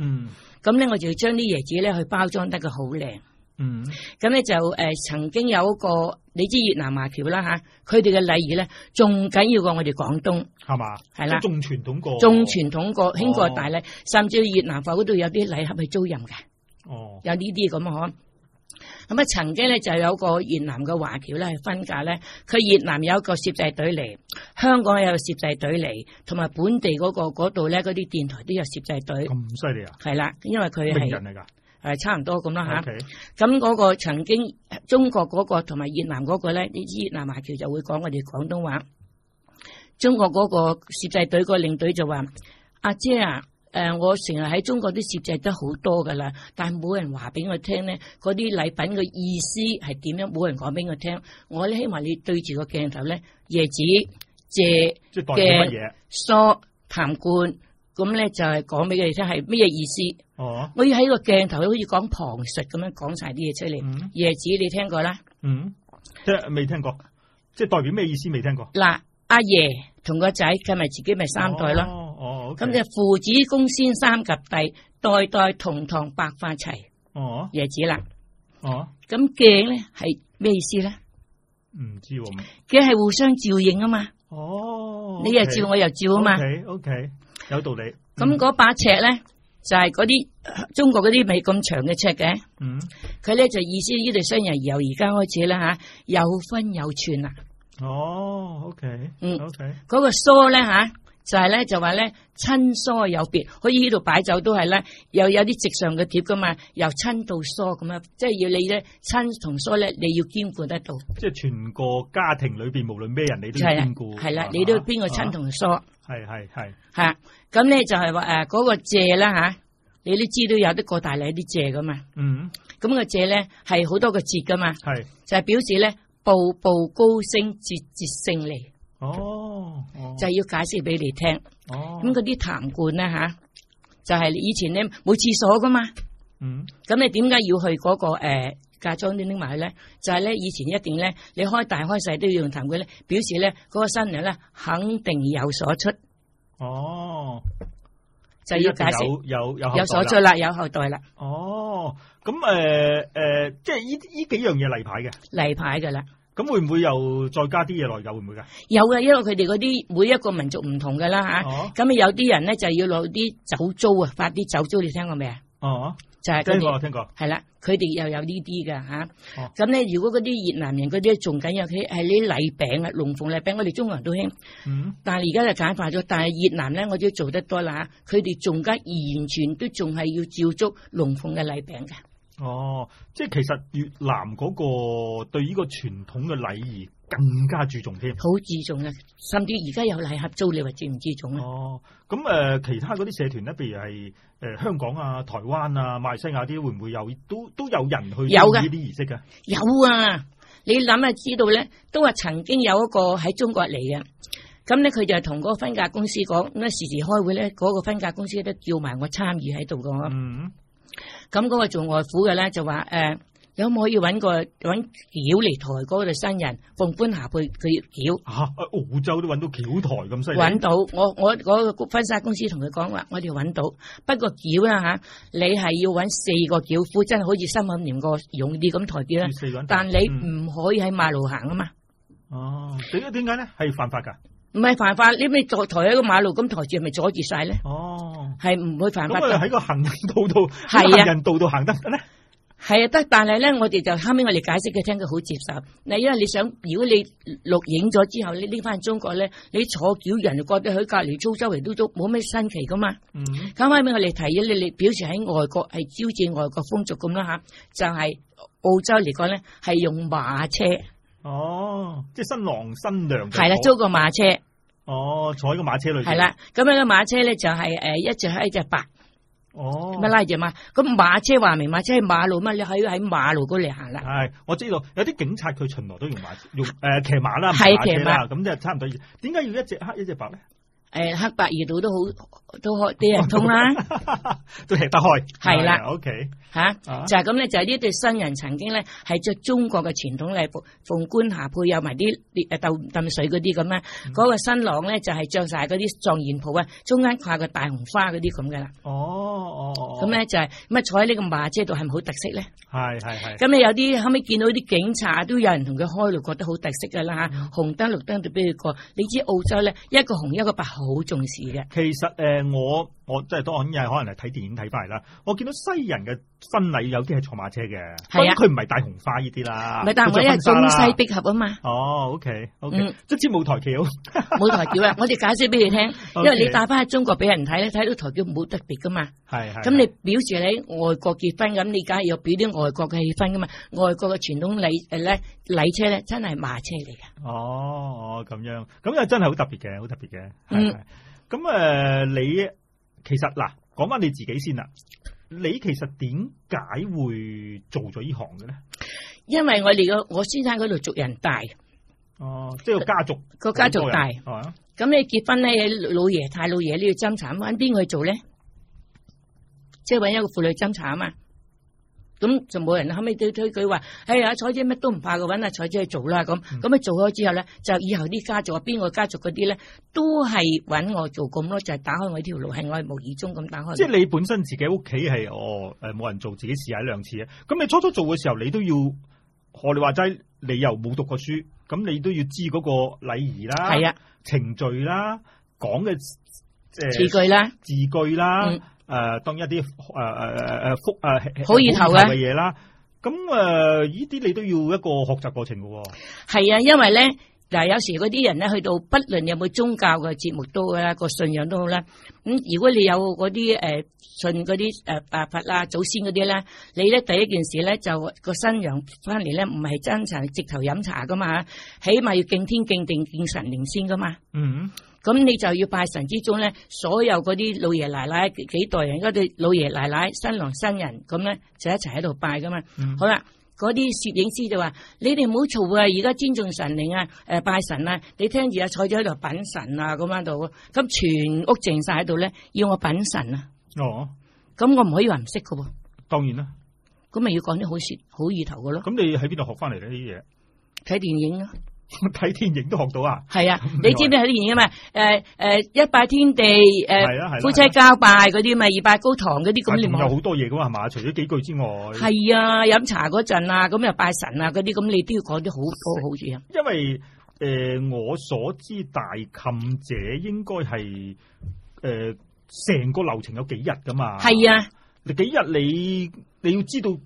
嗯、咧，我就要將啲椰子咧去包裝得佢好靚。嗯，咁咧就誒，曾經有一個你知越南華僑啦，吓，佢哋嘅禮儀咧，仲緊要過我哋廣東係嘛，係啦，仲傳統過，仲傳統過，輕過大禮，哦，甚至越南佛嗰度有啲禮盒去租賃嘅，哦，有呢啲咁嗬。咁啊、嗯嗯，曾經咧就有個越南嘅華僑咧，係婚嫁咧，佢越南有一個攝製隊嚟，香港有攝製隊嚟，同埋本地嗰、嗰個嗰度咧，嗰啲電台都有攝製隊，咁犀利啊！係啦，因為佢係。係差唔多咁啦吓，咁、okay. 嗰個曾經中國嗰個同埋越南嗰個咧，啲越南華僑就會講我哋廣東話。中國嗰個攝製隊個領隊就話：阿、okay. 啊、姐啊，誒、呃、我成日喺中國啲攝製得好多㗎啦，但係冇人話俾我聽咧，嗰啲禮品嘅意思係點樣？冇人講俾我聽。我咧希望你對住個鏡頭咧，椰子、借。即係乜嘢梳、談罐。咁咧就係講俾佢哋聽係咩嘢意思？哦，我要喺個鏡頭好似講旁述咁樣講晒啲嘢出嚟。椰子你聽過啦？嗯，即係未聽過，即係代表咩意思？未聽過。嗱，阿爺同個仔佢咪自己咪三代咯。哦，咁就父子公孫三及第，代代同堂白髮齊。哦，椰子啦。哦，咁鏡咧係咩意思咧？唔知喎。佢係互相照應啊嘛。哦，你又照我又照啊嘛。OK。有道理，咁、嗯、嗰把尺咧就係嗰啲中國嗰啲冇咁長嘅尺嘅，嗯，佢咧就意思呢對新人由而家開始啦吓，有分有寸啊，又又哦，OK，, okay 嗯，OK，嗰、那個梳咧吓。啊就係、是、咧，就話咧親疏有別，可以喺度擺酒都係咧，又有啲直上嘅貼噶嘛，由親到疏咁啦，即係要你咧親同疏咧，你要兼顧得到。即係全個家庭裏邊，無論咩人你都兼、啊啊啊啊，你都兼顧。係啦，你都邊個親同疏？係係係。吓，咁咧就係話誒，嗰個借啦吓，你都知道都有啲過大禮啲借噶嘛。嗯。咁、那個借咧係好多個節噶嘛。係。就係、是、表示咧步步高升，節節勝利。哦，哦，就要解釋俾你聽。哦，咁嗰啲痰罐咧吓，就係以前咧冇廁所噶嘛。嗯，咁你點解要去嗰個誒嫁妝啲拎埋咧，就係咧以前一定咧，你開大開細都要用痰罐咧，表示咧嗰個新娘咧肯定有所出。哦，就要解釋有有有有所出啦，有後代啦。哦，咁誒誒，即係呢呢幾樣嘢例牌嘅，例牌噶啦。咁會唔會又再加啲嘢落去？有會唔會噶？有啊，因為佢哋嗰啲每一個民族唔同嘅啦吓！咁、哦、啊，有啲人咧就要攞啲酒糟啊，發啲酒糟，你聽過未？哦就是、啊？哦，就係聽過，聽過。係啦，佢哋又有呢啲嘅吓！咁咧，如果嗰啲越南人嗰啲仲緊要，佢係呢啲禮餅啊，龍鳳禮餅，我哋中國人都興、嗯。但係而家就簡化咗，但係越南咧，我都做得多啦嚇。佢哋仲加完全都仲係要照足龍鳳嘅禮餅嘅。哦，即係其實越南嗰個對呢個傳統嘅禮儀更加注重添、啊，好注重嘅、啊，甚至而家有禮盒租，你話知唔知重啊？哦，咁誒、呃，其他嗰啲社團咧，譬如係誒、呃、香港啊、台灣啊、馬來西亞啲，會唔會又都都有人去做這些儀、啊、有呢啲儀式噶？有啊，你諗啊，知道咧，都話曾經有一個喺中國嚟嘅，咁咧佢就同嗰個婚嫁公司講，咁咧時時開會咧，嗰個婚嫁公司都叫埋我參與喺度噶。嗯。咁、那、嗰個做外父嘅咧就話誒，有、呃、冇可，可以揾個揾轎嚟抬嗰個新人，鳳冠霞帔佢轎？吓、啊，澳洲都揾到轎台咁犀利。揾到，我我我個婚紗公司同佢講話，我哋揾到。不過轎啦吓，你係要揾四個轎夫，真係好似三五年個勇啲咁抬啲啦。但你唔可以喺馬路行啊嘛。哦、嗯，點解點解咧？係犯法噶。唔係犯法，你咪抬喺個馬路咁抬住，係咪阻住晒咧？哦，係唔會犯法。咁喺個行道度，係啊行人道度行得嘅咧。係啊得，但係咧我哋就後尾我哋解釋佢聽佢好接受。嗱，因為你想如果你錄影咗之後，你拎翻中國咧，你坐轎人過咗佢隔籬，租，周圍都都冇咩新奇噶嘛。嗯，咁後尾我哋提議你你表示喺外國係招致外國風俗咁啦吓，就係澳洲嚟講咧係用馬車。哦，即係新郎新娘係啦，租個馬車。哦，坐喺個馬車裏面。係啦，咁樣個馬車咧就係誒，一隻黑一隻白。哦，咪拉隻馬。咁馬車話明馬車係馬路嘛，你可以喺馬路嗰度行啦。係，我知道有啲警察佢巡邏都用馬車用誒騎馬啦，係騎馬啦，咁就差唔多。點解要一隻黑一隻白咧？誒，黑白二度都好，都開啲人通啦，都食得開。係啦，OK，吓就係咁咧。就係呢對新人曾經咧係着中國嘅傳統禮服鳳冠霞，配有埋啲誒鬥氹水嗰啲咁啊。嗰個新郎咧就係着晒嗰啲狀元袍啊，中間跨個大紅花嗰啲咁噶啦。哦哦，咁咧就係咁啊，坐喺呢個馬車度係咪好特色咧？係係係。咁你有啲後尾見到啲警察都有人同佢開路，覺得好特色噶啦吓。紅燈綠燈度俾佢過。你知澳洲咧一個紅一個白好重視嘅。其實誒。我我即係都可能係可能係睇電影睇翻嚟啦。我見到西人嘅婚禮有啲係坐馬車嘅，所以佢唔係大紅花呢啲啦。唔係，但係佢係中西逼合啊嘛。哦，OK OK、嗯、即至舞台橋，舞、嗯、 台橋啊！ 我哋解釋俾你聽，okay, 因為你帶翻去中國俾人睇咧，睇到台橋冇特別噶嘛。係係。咁你表示你外國結婚，咁你梗係要表啲外國嘅氣氛噶嘛？外國嘅傳統禮誒咧禮車咧，真係馬車嚟嘅。哦哦，咁樣咁又真係好特別嘅，好特別嘅。嗯。咁誒、嗯呃，你其實嗱，講翻你自己先啦。你其實點解會做咗呢行嘅咧？因為我哋個我先生嗰度族人大，哦，即係家族個、呃、家族大，係啊、嗯。咁你結婚咧，老爺、太老爺呢個爭產，揾邊個去做咧？即係揾一個婦女爭產啊嘛。咁就冇人可可說，後尾推推佢話，誒，阿彩姐乜都唔怕嘅，搵阿彩姐去做啦。咁咁啊做咗之後咧，就以後啲家族邊個家族嗰啲咧，都係搵我做咁咯，就係、是、打開我一條路，係我無意中咁打開。即係你本身自己屋企係哦誒，冇、呃、人做，自己試下一兩次啊。咁你初初做嘅時候，你都要我你話齋，你又冇讀過書，咁你都要知嗰個禮儀啦，係啊，程序啦，講嘅即係詞句啦，字句啦。嗯誒、啊，當一啲誒誒誒誒福誒好意頭嘅嘢啦，咁誒呢啲你都要一個學習過程嘅。係啊，因為咧嗱，有時嗰啲人咧去到，不論有冇宗教嘅節目都啦、啊，個信仰都好啦。咁、嗯、如果你有嗰啲誒信嗰啲誒阿佛啊祖先嗰啲咧，你咧第一件事咧就個新娘翻嚟咧，唔係斟茶，直頭飲茶噶嘛，起碼要敬天敬地敬神靈先噶嘛。嗯。咁你就要拜神之中咧，所有嗰啲老爺奶奶幾代人嗰啲老爺奶奶新郎新人咁咧就一齊喺度拜噶嘛。嗯嗯好啦、啊，嗰啲攝影師就話：你哋唔好嘈啊！而家尊重神靈啊，誒、呃、拜神啊，你聽住阿、啊、彩姐喺度品神啊，咁喺度。咁全屋靜晒喺度咧，要我品神啊。哦。咁我唔可以話唔識噶喎。當然啦。咁咪要講啲好說好意頭噶咯。咁你喺邊度學翻嚟呢啲嘢？睇電影啊。睇 電影都學到啊！係啊，你知唔知睇啲電影啊嘛？誒 誒、呃，一拜天地誒、呃啊啊，夫妻交拜嗰啲咪，二拜高堂嗰啲咁，你、啊、有好多嘢噶嘛係嘛？除咗幾句之外，係啊，飲茶嗰陣啊，咁又拜神啊嗰啲咁，你都要講啲好多、啊、好嘢。因為誒、呃，我所知大襟姐應該係誒，成、呃、個流程有幾日噶嘛？係啊，幾日你你要知道呢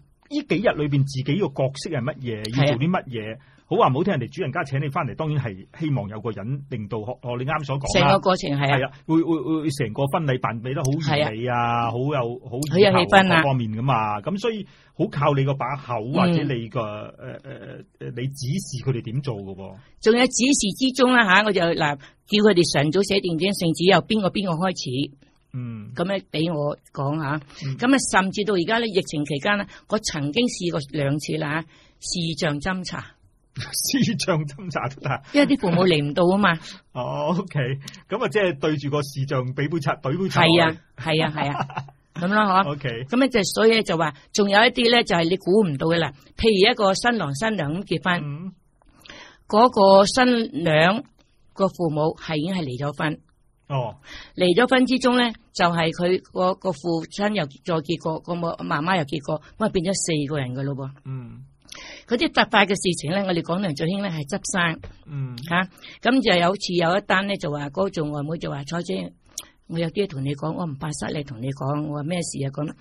幾日裏邊自己個角色係乜嘢，要做啲乜嘢。好話唔好聽，人哋主人家請你翻嚟，當然係希望有個人令到學我你啱所講成個過程係啊，啊，會會會成個婚禮辦備得好完美啊，好、啊、有好有氣氛啊方面噶嘛。咁所以好靠你個把口，或者你個誒誒誒，你指示佢哋點做噶、啊。仲有指示之中啦吓，我就嗱叫佢哋上早寫定張聖旨，由邊個邊個開始，嗯咁咧，俾我講下咁，甚至到而家咧，疫情期間咧，我曾經試過兩次啦吓，視像斟茶。視像斟茶啊，因為啲父母嚟唔到啊嘛。哦、 oh,，OK，咁啊，即係對住個視像，俾杯茶，懟杯茶。係啊，係啊，係啊，咁啦嗬。OK，咁咧就所以就話，仲有一啲咧就係你估唔到嘅啦。譬如一個新郎新娘咁結婚，嗰、嗯那個新娘個父母係已經係離咗婚。哦，離咗婚之中咧，就係佢個父親又再結過，個母媽媽又結過，咁啊變咗四個人噶咯噃。嗯。嗰啲突發嘅事情咧，我哋講梁最興咧係執生，嗯嚇，咁、啊、就有次有一單咧就話哥、那個、做外母就話彩姐，我有啲嘢同你講，我唔怕失禮同你講，我話咩事啊咁。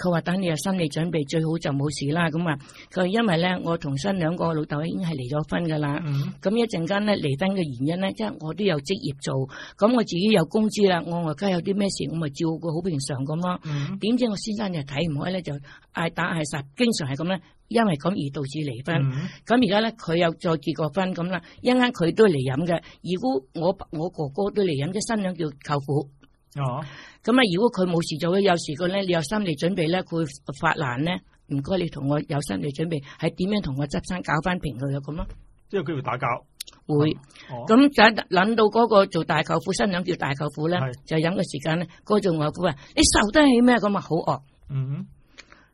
佢話等你有心理準備，最好就冇事啦。咁啊，佢話因為咧、嗯，我同新娘兩個老豆已經係離咗婚噶啦。咁一陣間咧，離婚嘅原因咧，即係我都有職業做，咁我自己有工資啦，我外家有啲咩事，我咪照顧好平常咁咯。點、嗯、知我先生就睇唔開咧，就嗌打嗌殺，經常係咁咧，因為咁而導致離婚。咁而家咧，佢又再結過婚咁啦，一陣間佢都嚟飲嘅。如果我我哥哥都嚟飲，只新娘叫舅父。哦。咁啊，如果佢冇事做咧，有事嘅咧，你有心理準備咧，佢會發難咧。唔該，你同我有心理準備，係點樣同我執生搞翻平佢嘅咁咯？即係佢會打交。會。咁就諗到嗰個做大舅父新娘叫大舅父咧，就飲個時間咧，嗰、嗰個做外父啊，你受得起咩咁啊？好惡。嗯。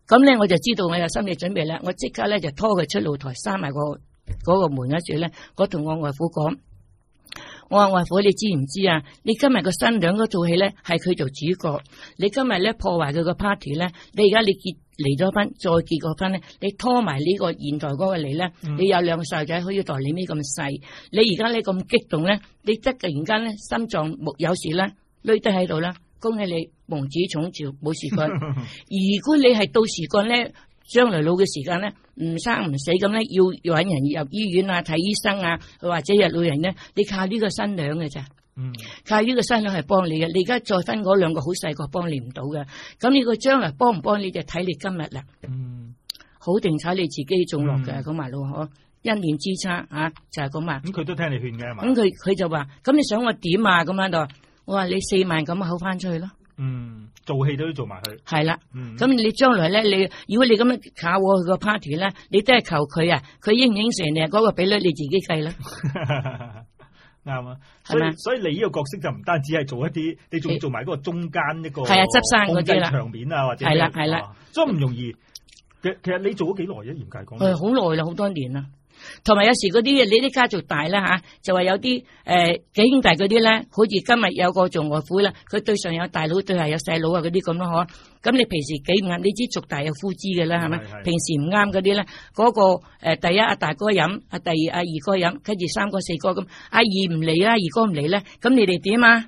咁咧，我就知道我有心理準備啦。我即刻咧就拖佢出露台，閂埋個嗰個門一時咧，我同我外父講。我、哦、話外婆，你知唔知啊？你今日個新娘嗰套戲咧，係佢做主角。你今日咧破壞佢個 party 咧，你而家你結離咗婚，再結個婚咧，你拖埋呢個現代嗰個嚟咧，你有兩個細仔，可以代理呢咁細。你而家你咁激動咧，你即突然間咧心臟木有事咧，累得喺度啦。恭喜你，蒙主寵召冇事瞓。 如果你係到時乾咧。將來老嘅時間咧，唔生唔死咁咧，要搵人入醫院啊，睇醫生啊，或者日老人咧，你靠呢個新娘嘅咋？嗯，靠呢個新娘係幫你嘅，你而家再分嗰兩個好細個，幫你唔到嘅。咁呢個將來幫唔幫你就睇你今日啦。嗯，好定睇你自己落嘅。咁埋咯，嗬，一念之差啊，就係咁啊。咁、嗯、佢都聽你勸嘅係嘛？咁佢佢就話：，咁你想我點啊？咁樣度，我話你四萬咁口翻出去咯。嗯，做戲都要做埋佢。係啦的，咁、嗯、你將來咧，你如果你咁樣搞我去個 party 咧，你都係求佢啊，佢應唔應承你嗰、那個，俾咧你自己計啦。啱啊 吧吧，所以所以你呢個角色就唔單止係做一啲，你仲做埋嗰個中間一個係啊，執生啲啦，場面啊，或者係啦係啦，所以唔容易。其其實你做咗幾耐啫？嚴界講，好耐啦，好多年啦。同埋有，有時嗰啲你啲家族大啦嚇、啊，就話有啲誒、呃、幾兄弟嗰啲咧，好似今日有個做外父啦，佢對上有大佬，對下有細佬啊嗰啲咁咯嗬。咁你平時幾唔啱？你知族大有枯枝嘅啦，係咪？是是平時唔啱嗰啲咧，嗰、那個、呃、第一阿、啊、大哥飲，阿第二阿、啊、二哥飲，跟住三哥四哥咁，阿、啊、二唔嚟啦，啊、二哥唔嚟咧，咁、啊、你哋點啊？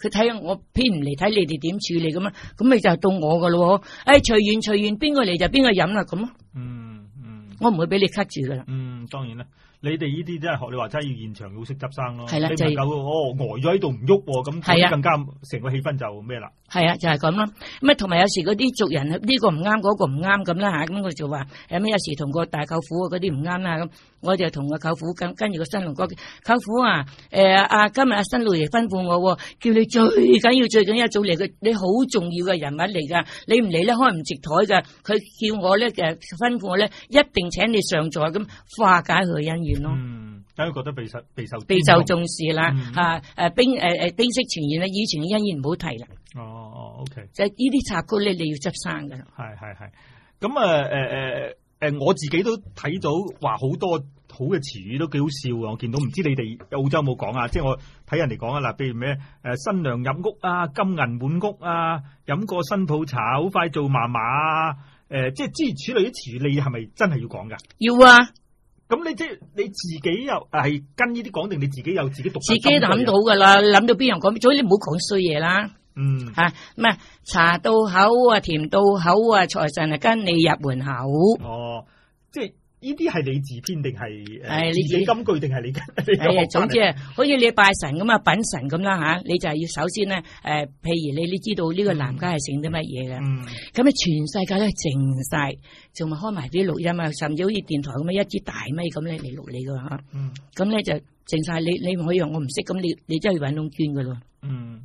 佢睇下我偏唔嚟睇你哋點處理咁啊？咁你就，就到我噶咯喎！誒隨緣隨緣，邊個嚟就邊個飲啦咁咯。嗯嗯我不，我唔會俾你 cut 住噶啦。咁、嗯、當然啦，你哋呢啲真係學你話齋，要現場要識執生咯。係啦、啊，即夠、就係、哦，呆咗喺度唔喐，咁就更加成、啊、個氣氛就咩啦。係啊，就係咁啦。咁啊，同埋有時嗰啲族人呢、呢個唔啱，嗰、嗰個唔啱咁啦吓，咁佢就話誒咩？有時同個大舅父嗰啲唔啱啊咁。我就同我舅父跟跟住個新郎哥，舅父啊，誒啊，今日阿新老爺吩咐我，叫你最緊要最緊要一早嚟嘅，你好重要嘅人物嚟噶，你唔嚟咧開唔直台噶。佢叫我咧誒吩咐我咧，一定請你上座咁化解佢嘅恩怨咯。嗯，咁佢覺得備受備受備受重視啦吓，誒冰誒誒冰釋前嫌啦，以前嘅恩怨唔好提啦。哦，OK，就係呢啲插曲咧，你要執生噶啦。係係係，咁啊誒誒。誒、呃，我自己都睇到話好多好嘅詞語都幾好笑啊！我見到唔知你哋澳洲有冇講啊？即係我睇人哋講啊嗱，譬如咩誒新娘入屋啊，金銀滿屋啊，飲過新抱茶好快做嫲嫲啊！誒、呃，即係諸如此類啲詞語，你係咪真係要講噶？要啊！咁你即係你自己又係跟呢啲講定你自己有自己獨，自己諗到噶啦，諗到邊樣講邊，總之你唔好講衰嘢啦。嗯吓，咩茶到口啊，甜到口啊，財神啊跟你入門口。哦，即係呢啲係你自編定係？誒、哎，你自己金句定係你？誒、哎，總之啊，好 似你拜神咁啊，品神咁啦吓，你就係要首先咧，誒、呃，譬如你你知道呢個男家係姓啲乜嘢嘅，咁、嗯、啊、嗯、全世界都係靜晒，仲咪開埋啲錄音啊，甚至好似電台咁啊一支大咪咁咧嚟錄你噶嗬。咁、啊、咧、嗯、就靜晒你，你唔可以用，我唔識，咁你你真係要搵窿捐噶咯。嗯。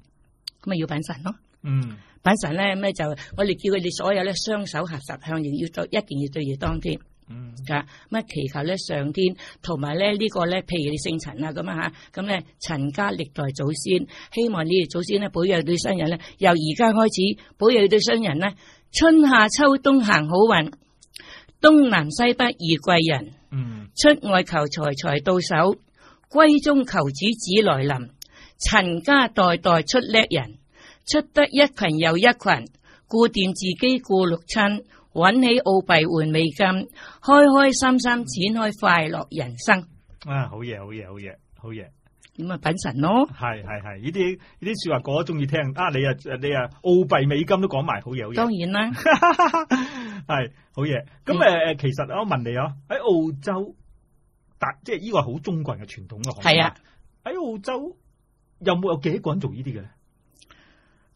咁咪要品神咯，嗯，品神咧咩就我哋叫佢哋所有咧雙手合十，向然要做一件要對住當天，嗯、咁、嗯、啊、嗯、祈求咧上天同埋咧呢個咧，譬如你姓陳啊咁啊吓，咁咧陳家歷代祖先希望你哋祖先咧保佑對新人咧，由而家開始保佑對新人咧，春夏秋冬行好運，東南西北遇貴人，嗯，出外求財財到手，歸中求子子來臨，陳家代代出叻人。出得一群又一群，顧掂自己顧六親，揾起澳幣換美金，開開心心展開快樂人生。啊，好嘢好嘢好嘢好嘢，點啊，品神咯。係係係，呢啲呢啲說話我都中意聽。啊，你啊你啊，你啊，澳幣美金都講埋，好嘢好嘢。當然啦，係 好嘢。咁誒誒，其實我問你啊，喺澳洲，大即係呢個係好中國人嘅傳統嘅行業。係啊，喺澳洲有冇有，有幾多個人做呢啲嘅咧？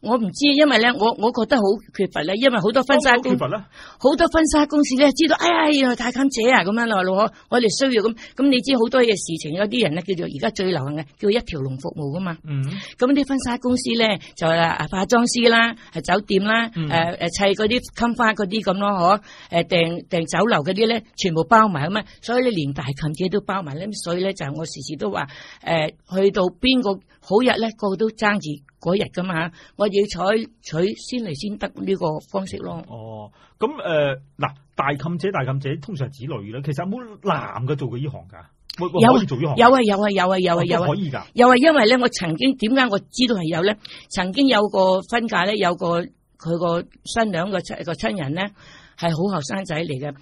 我唔知，因為咧，我我覺得好缺乏咧，因為好多婚紗公司啦，好多婚紗公司咧知道，哎呀，大襟姐啊，咁樣咯，老我哋需要咁，咁你知好多嘢事情，有啲人咧叫做而家最流行嘅，叫做一條龍服務噶嘛，嗯，咁啲婚紗公司咧就係、是、啊化妝師啦，係酒店啦，誒、嗯、誒、呃、砌嗰啲襟花嗰啲咁咯，嗬，誒訂訂酒樓嗰啲咧，全部包埋咁嘛。所以你連大襟姐都包埋咧，所以咧就係我時時都話，誒、呃、去到邊個。好日咧，個個都爭住嗰日噶嘛，我要採取先嚟先得呢個方式咯。哦，咁誒嗱，大妗姐、大妗姐通常係子女啦。其實有冇男嘅做過呢行噶？有我我可以做呢行，有啊，有啊，有啊，哦、有啊，有啊，可以噶。有啊，又係因為咧，我曾經點解我知道係有咧？曾經有個婚嫁咧，有個佢個新娘個親個親人咧，係好後生仔嚟嘅。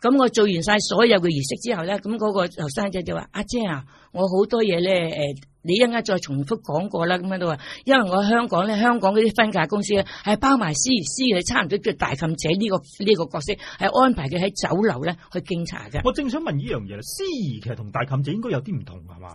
咁我做完晒所有嘅儀式之後咧，咁、那、嗰個後生仔就話：阿姐啊，姐我好多嘢咧，誒、呃。你一陣間再重複講過啦，咁樣都話，因為我香港咧，香港嗰啲婚嫁公司咧、這個，係包埋司儀，司儀你差唔多叫大妗姐呢個呢個角色，係安排佢喺酒樓咧去敬茶嘅。我正想問呢樣嘢，司儀其實大同大妗姐應該有啲唔同係嘛？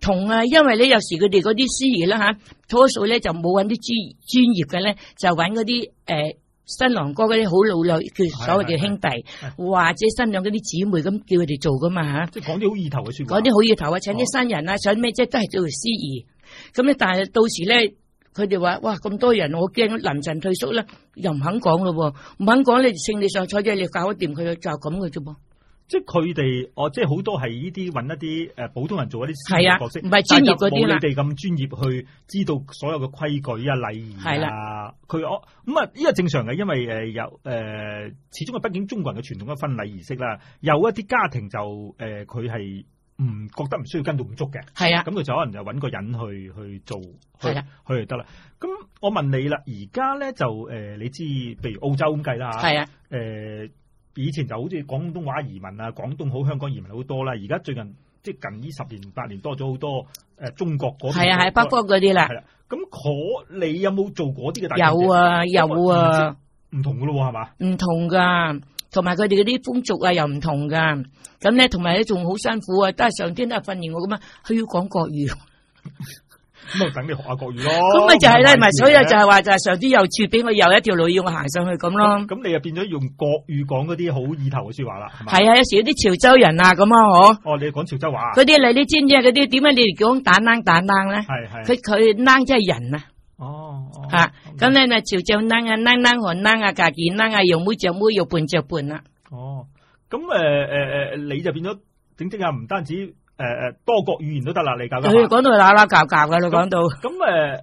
同啊，因為咧有時佢哋嗰啲司儀啦吓，多數咧就冇揾啲專專業嘅咧，就揾嗰啲誒。呃新郎哥嗰啲好老友，佢所謂嘅兄弟，或者新娘嗰啲姊妹咁叫佢哋做噶嘛吓，即係講啲好意頭嘅說話，講啲好意頭啊，請啲新人啊，想咩即係都係做司儀，咁咧但係到時咧，佢哋話哇咁多人，我驚臨陣退縮啦，又唔肯講咯，唔肯講咧就請你上菜啫，你搞掂佢就就咁嘅啫噃。即係佢哋，哦，即係好多係呢啲搵一啲誒普通人做一啲私密角色，唔係專業嗰啲，係你哋咁專業去知道所有嘅規矩啊、禮儀啦佢我咁啊，呢個、啊、正常嘅，因為誒有誒，始終係畢竟中國人嘅傳統嘅婚禮儀式啦。有一啲家庭就誒，佢係唔覺得唔需要跟到咁足嘅，係啊。咁佢就可能就搵個人去去做，係啊，去就得啦。咁我問你啦，而家咧就誒、呃，你知，譬如澳洲咁計啦，係啊，誒、呃。以前就好似廣東話移民啊，廣東好香港移民好多啦。而家最近即係近呢十年八年多咗好多，誒、呃，中國嗰邊係啊係北方嗰啲啦。係啦，咁可你有冇做嗰啲嘅？大有啊有啊，唔、啊、同噶咯，係嘛？唔同噶，同埋佢哋嗰啲風俗啊又唔同噶。咁咧，同埋咧仲好辛苦啊，都係上天都訓練我咁啊，要講國語。 咁咪等你學下國語咯。咁咪就係咧，咪所以就係話就係上啲又設俾我又一條路要我行上去咁咯。咁你又變咗用國語講嗰啲好意頭嘅說話啦，係嘛？係啊，有時啲潮州人啊咁啊，哦。哦，你講潮州話。嗰啲你你知唔知啊？嗰啲點解你哋講蛋掹蛋掹咧？係係。佢佢掹即係人啊。哦。吓，咁你，嗱潮州掹啊掹掹韓掹啊嫁件掹啊用妹隻妹又伴隻伴啦。哦。咁誒誒誒，你就變咗整整下唔單止。誒誒，多國語言都得啦，你講啦。佢講到拉拉教教噶啦，講到。咁誒、呃，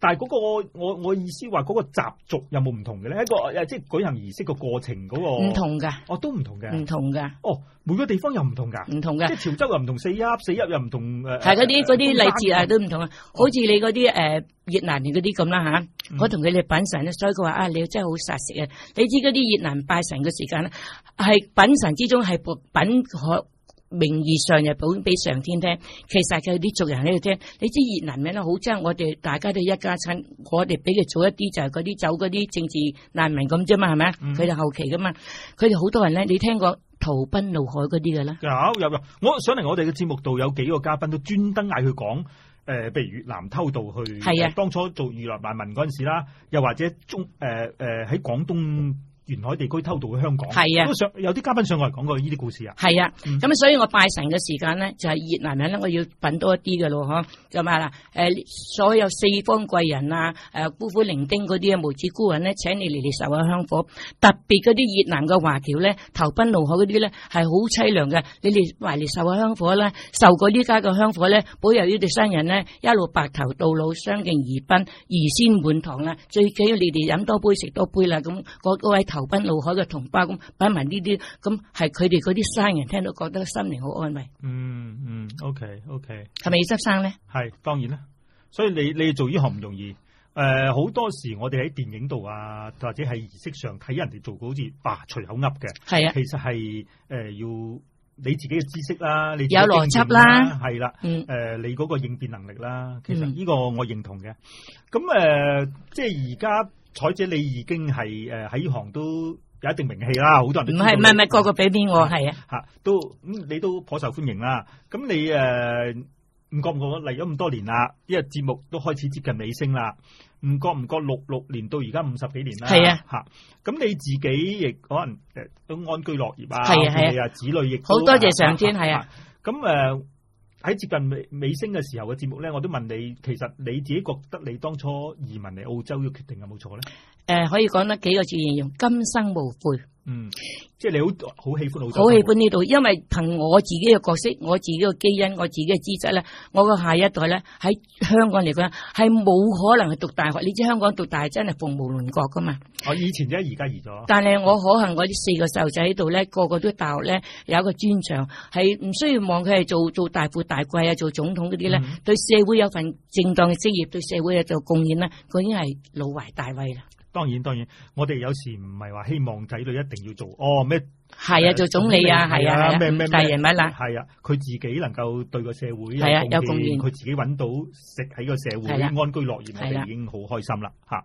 但係嗰、那個我我意思話嗰個習俗有冇唔同嘅咧？一個即係舉行儀式個過程嗰、那個。唔同噶。哦，都唔同嘅。唔同噶。哦，每個地方又唔同噶。唔同嘅。即係潮州又唔同四邑，四邑又唔同。係嗰啲嗰啲禮節啊都唔同，同、哦呃、那那啊，好似你嗰啲誒越南嗰啲咁啦吓。我同佢哋品神咧，所以佢話啊，你真係好殺食啊！你知嗰啲越南拜神嘅時間咧，係品神之中係品名義上又講俾上天聽，其實佢啲族人喺度聽。你知越南人咧，好憎我哋大家都一家親，我哋比佢早一啲就係嗰啲走嗰啲政治難民咁啫、嗯、嘛，係咪？佢哋後期噶嘛，佢哋好多人咧，你聽過逃奔怒海嗰啲嘅啦，有有有。我上嚟我哋嘅節目度有幾個嘉賓都專登嗌佢講，誒、呃，譬如越南偷渡去，係啊、呃，當初做越南難民嗰陣時啦，又或者中，誒誒喺廣東。沿海地區偷渡去香港，係啊，有啲嘉賓上嚟講過呢啲故事啊，係、嗯、啊，咁所以我拜神嘅時間咧，就係、是、越南人咧，我要品多一啲嘅咯，嗬，就嘛啦，誒，所有四方貴人啊，誒，孤苦伶仃嗰啲啊，無子孤人咧，請你嚟嚟受下香火，特別嗰啲越南嘅華僑咧，投奔怒海嗰啲咧，係好凄涼嘅，你哋嚟嚟受下香火咧，受過呢家嘅香火咧，保佑呢啲新人咧，一路白頭到老，相敬如賓，兒孫滿堂啦，最緊要你哋飲多杯，食多杯啦，咁、那、各、個、位逃奔怒海嘅同胞咁，擺埋呢啲咁，係佢哋嗰啲生人聽到覺得心靈好安慰。嗯嗯，OK OK，係咪要執生咧？係當然啦。所以你你做呢行唔容易。誒、呃，好多時我哋喺電影度啊，或者係儀式上睇人哋做，好似哇隨口噏嘅。係啊，其實係誒要你自己嘅知識自己邏輯啦，你有邏輯啦，係啦。嗯。誒、呃，你嗰個應變能力啦，其實呢個我認同嘅。咁、嗯、誒、呃，即係而家。彩姐，你已經係誒喺呢行都有一定名氣啦，好多人，人都唔係唔係唔係個個俾啲我係啊，嚇，都咁你都頗受歡迎啦。咁你誒唔覺唔覺嚟咗咁多年啦，呢個節目都開始接近尾聲啦。唔覺唔覺六六年到而家五十幾年啦，係啊嚇。咁你自己亦可能誒都，呃、安居樂業啊，係啊，啊，啊，子女亦好多謝上天係啊。咁誒、啊。喺接近尾尾聲嘅時候嘅節目咧，我都問你，其實你自己覺得你當初移民嚟澳洲嘅決定有冇錯咧？誒、呃，可以講得幾個字形容，今生無悔。嗯，即係你好好喜歡好，好喜歡呢度，因為憑我自己嘅角色，我自己嘅基因，我自己嘅資質咧，我個下一代咧喺香港嚟講係冇可能去讀大學。你知香港讀大學真係鳳毛麟角噶嘛？我、哦、以前啫，而家移咗。但係我、嗯、可能我啲四個細路仔喺度咧，個個都大學咧有一個專長，係唔需要望佢係做做大富大貴啊，做總統嗰啲咧，對社會有份正當嘅職業，對社會有做貢獻咧，佢已經係老懷大慰啦。當然，當然，我哋有時唔係話希望仔女一定要做哦咩？係啊，做總理啊，係、呃、啊，啊，啊，啊，啊，啊，大人物啦，係啊，佢、啊、自己能夠對個社會係啊有貢獻，佢、啊、自己搵到食喺個社會、啊、安居樂業，我哋、啊、已經好開心啦，吓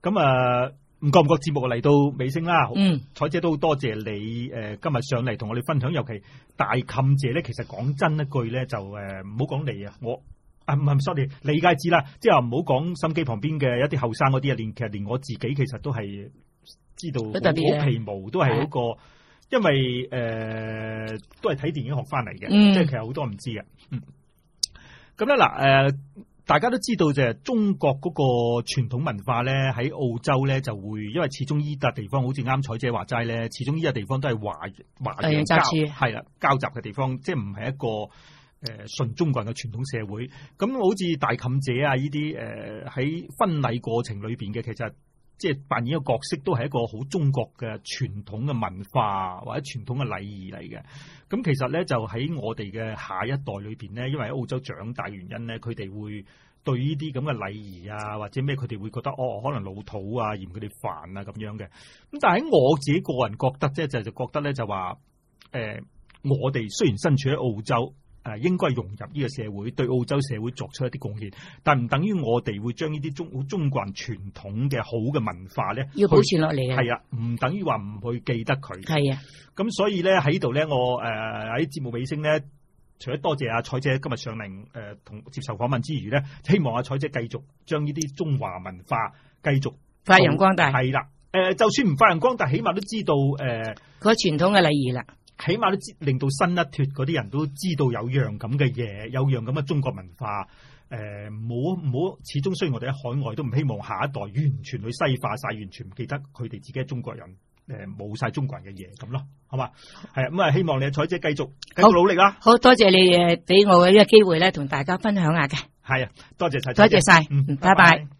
咁啊，唔覺唔覺節目嚟到尾聲啦。嗯、啊，彩姐都好多謝你誒、呃，今日上嚟同我哋分享，尤其大冚謝咧。其實講真一句咧，就誒唔好講你啊，我。唔係唔 sorry，理解係知啦，即係唔好講心機旁邊嘅一啲後生嗰啲啊，連其實連我自己其實都係知道好皮毛都係一個，因為誒、呃、都係睇電影學翻嚟嘅，即係其實好多唔知嘅。咁咧嗱誒，大家都知道就係、是、中國嗰個傳統文化咧，喺澳洲咧就會因為始終依笪地方好似啱彩姐話齋咧，始終依笪地方都係華華人啦，交、嗯、交集嘅地方，即係唔係一個。誒、呃，信中國人嘅傳統社會咁，那好似大妗姐啊，呢啲誒喺婚禮過程裏面嘅，其實即係扮演一個角色，都係一個好中國嘅傳統嘅文化或者傳統嘅禮儀嚟嘅。咁其實咧就喺我哋嘅下一代裏面咧，因為喺澳洲長大原因咧，佢哋會對呢啲咁嘅禮儀啊，或者咩佢哋會覺得哦，可能老土啊，嫌佢哋煩啊咁樣嘅。咁但係喺我自己個人覺得啫，就就是、覺得咧就話誒、呃，我哋雖然身處喺澳洲。誒，應該融入呢個社會，對澳洲社會作出一啲貢獻，但唔等於我哋會將呢啲中中國人傳統嘅好嘅文化咧，要保存落嚟嘅。係啊，唔等於話唔去記得佢。係啊，咁所以咧喺度咧，我誒喺、呃、節目尾聲咧，除咗多謝阿、啊、彩姐今日上嚟誒同接受訪問之餘咧，希望阿、啊、彩姐繼續將呢啲中華文化繼續，繼續發揚光大。係啦，誒、呃，就算唔發揚光大，起碼都知道誒嗰、呃、傳統嘅禮儀啦。起碼都令到新一脱嗰啲人都知道有樣咁嘅嘢，有樣咁嘅中國文化。誒、呃，冇好始終雖然我哋喺海外，都唔希望下一代完全去西化晒，完全唔記得佢哋自己係中國人。誒、呃，冇晒中國人嘅嘢咁咯，好嘛？係啊，咁啊，希望你彩姐繼續繼續努力啦。好，好多謝你誒，俾我嘅呢個機會咧，同大家分享下嘅。係啊，多謝晒，多謝晒，嗯，拜拜。拜拜。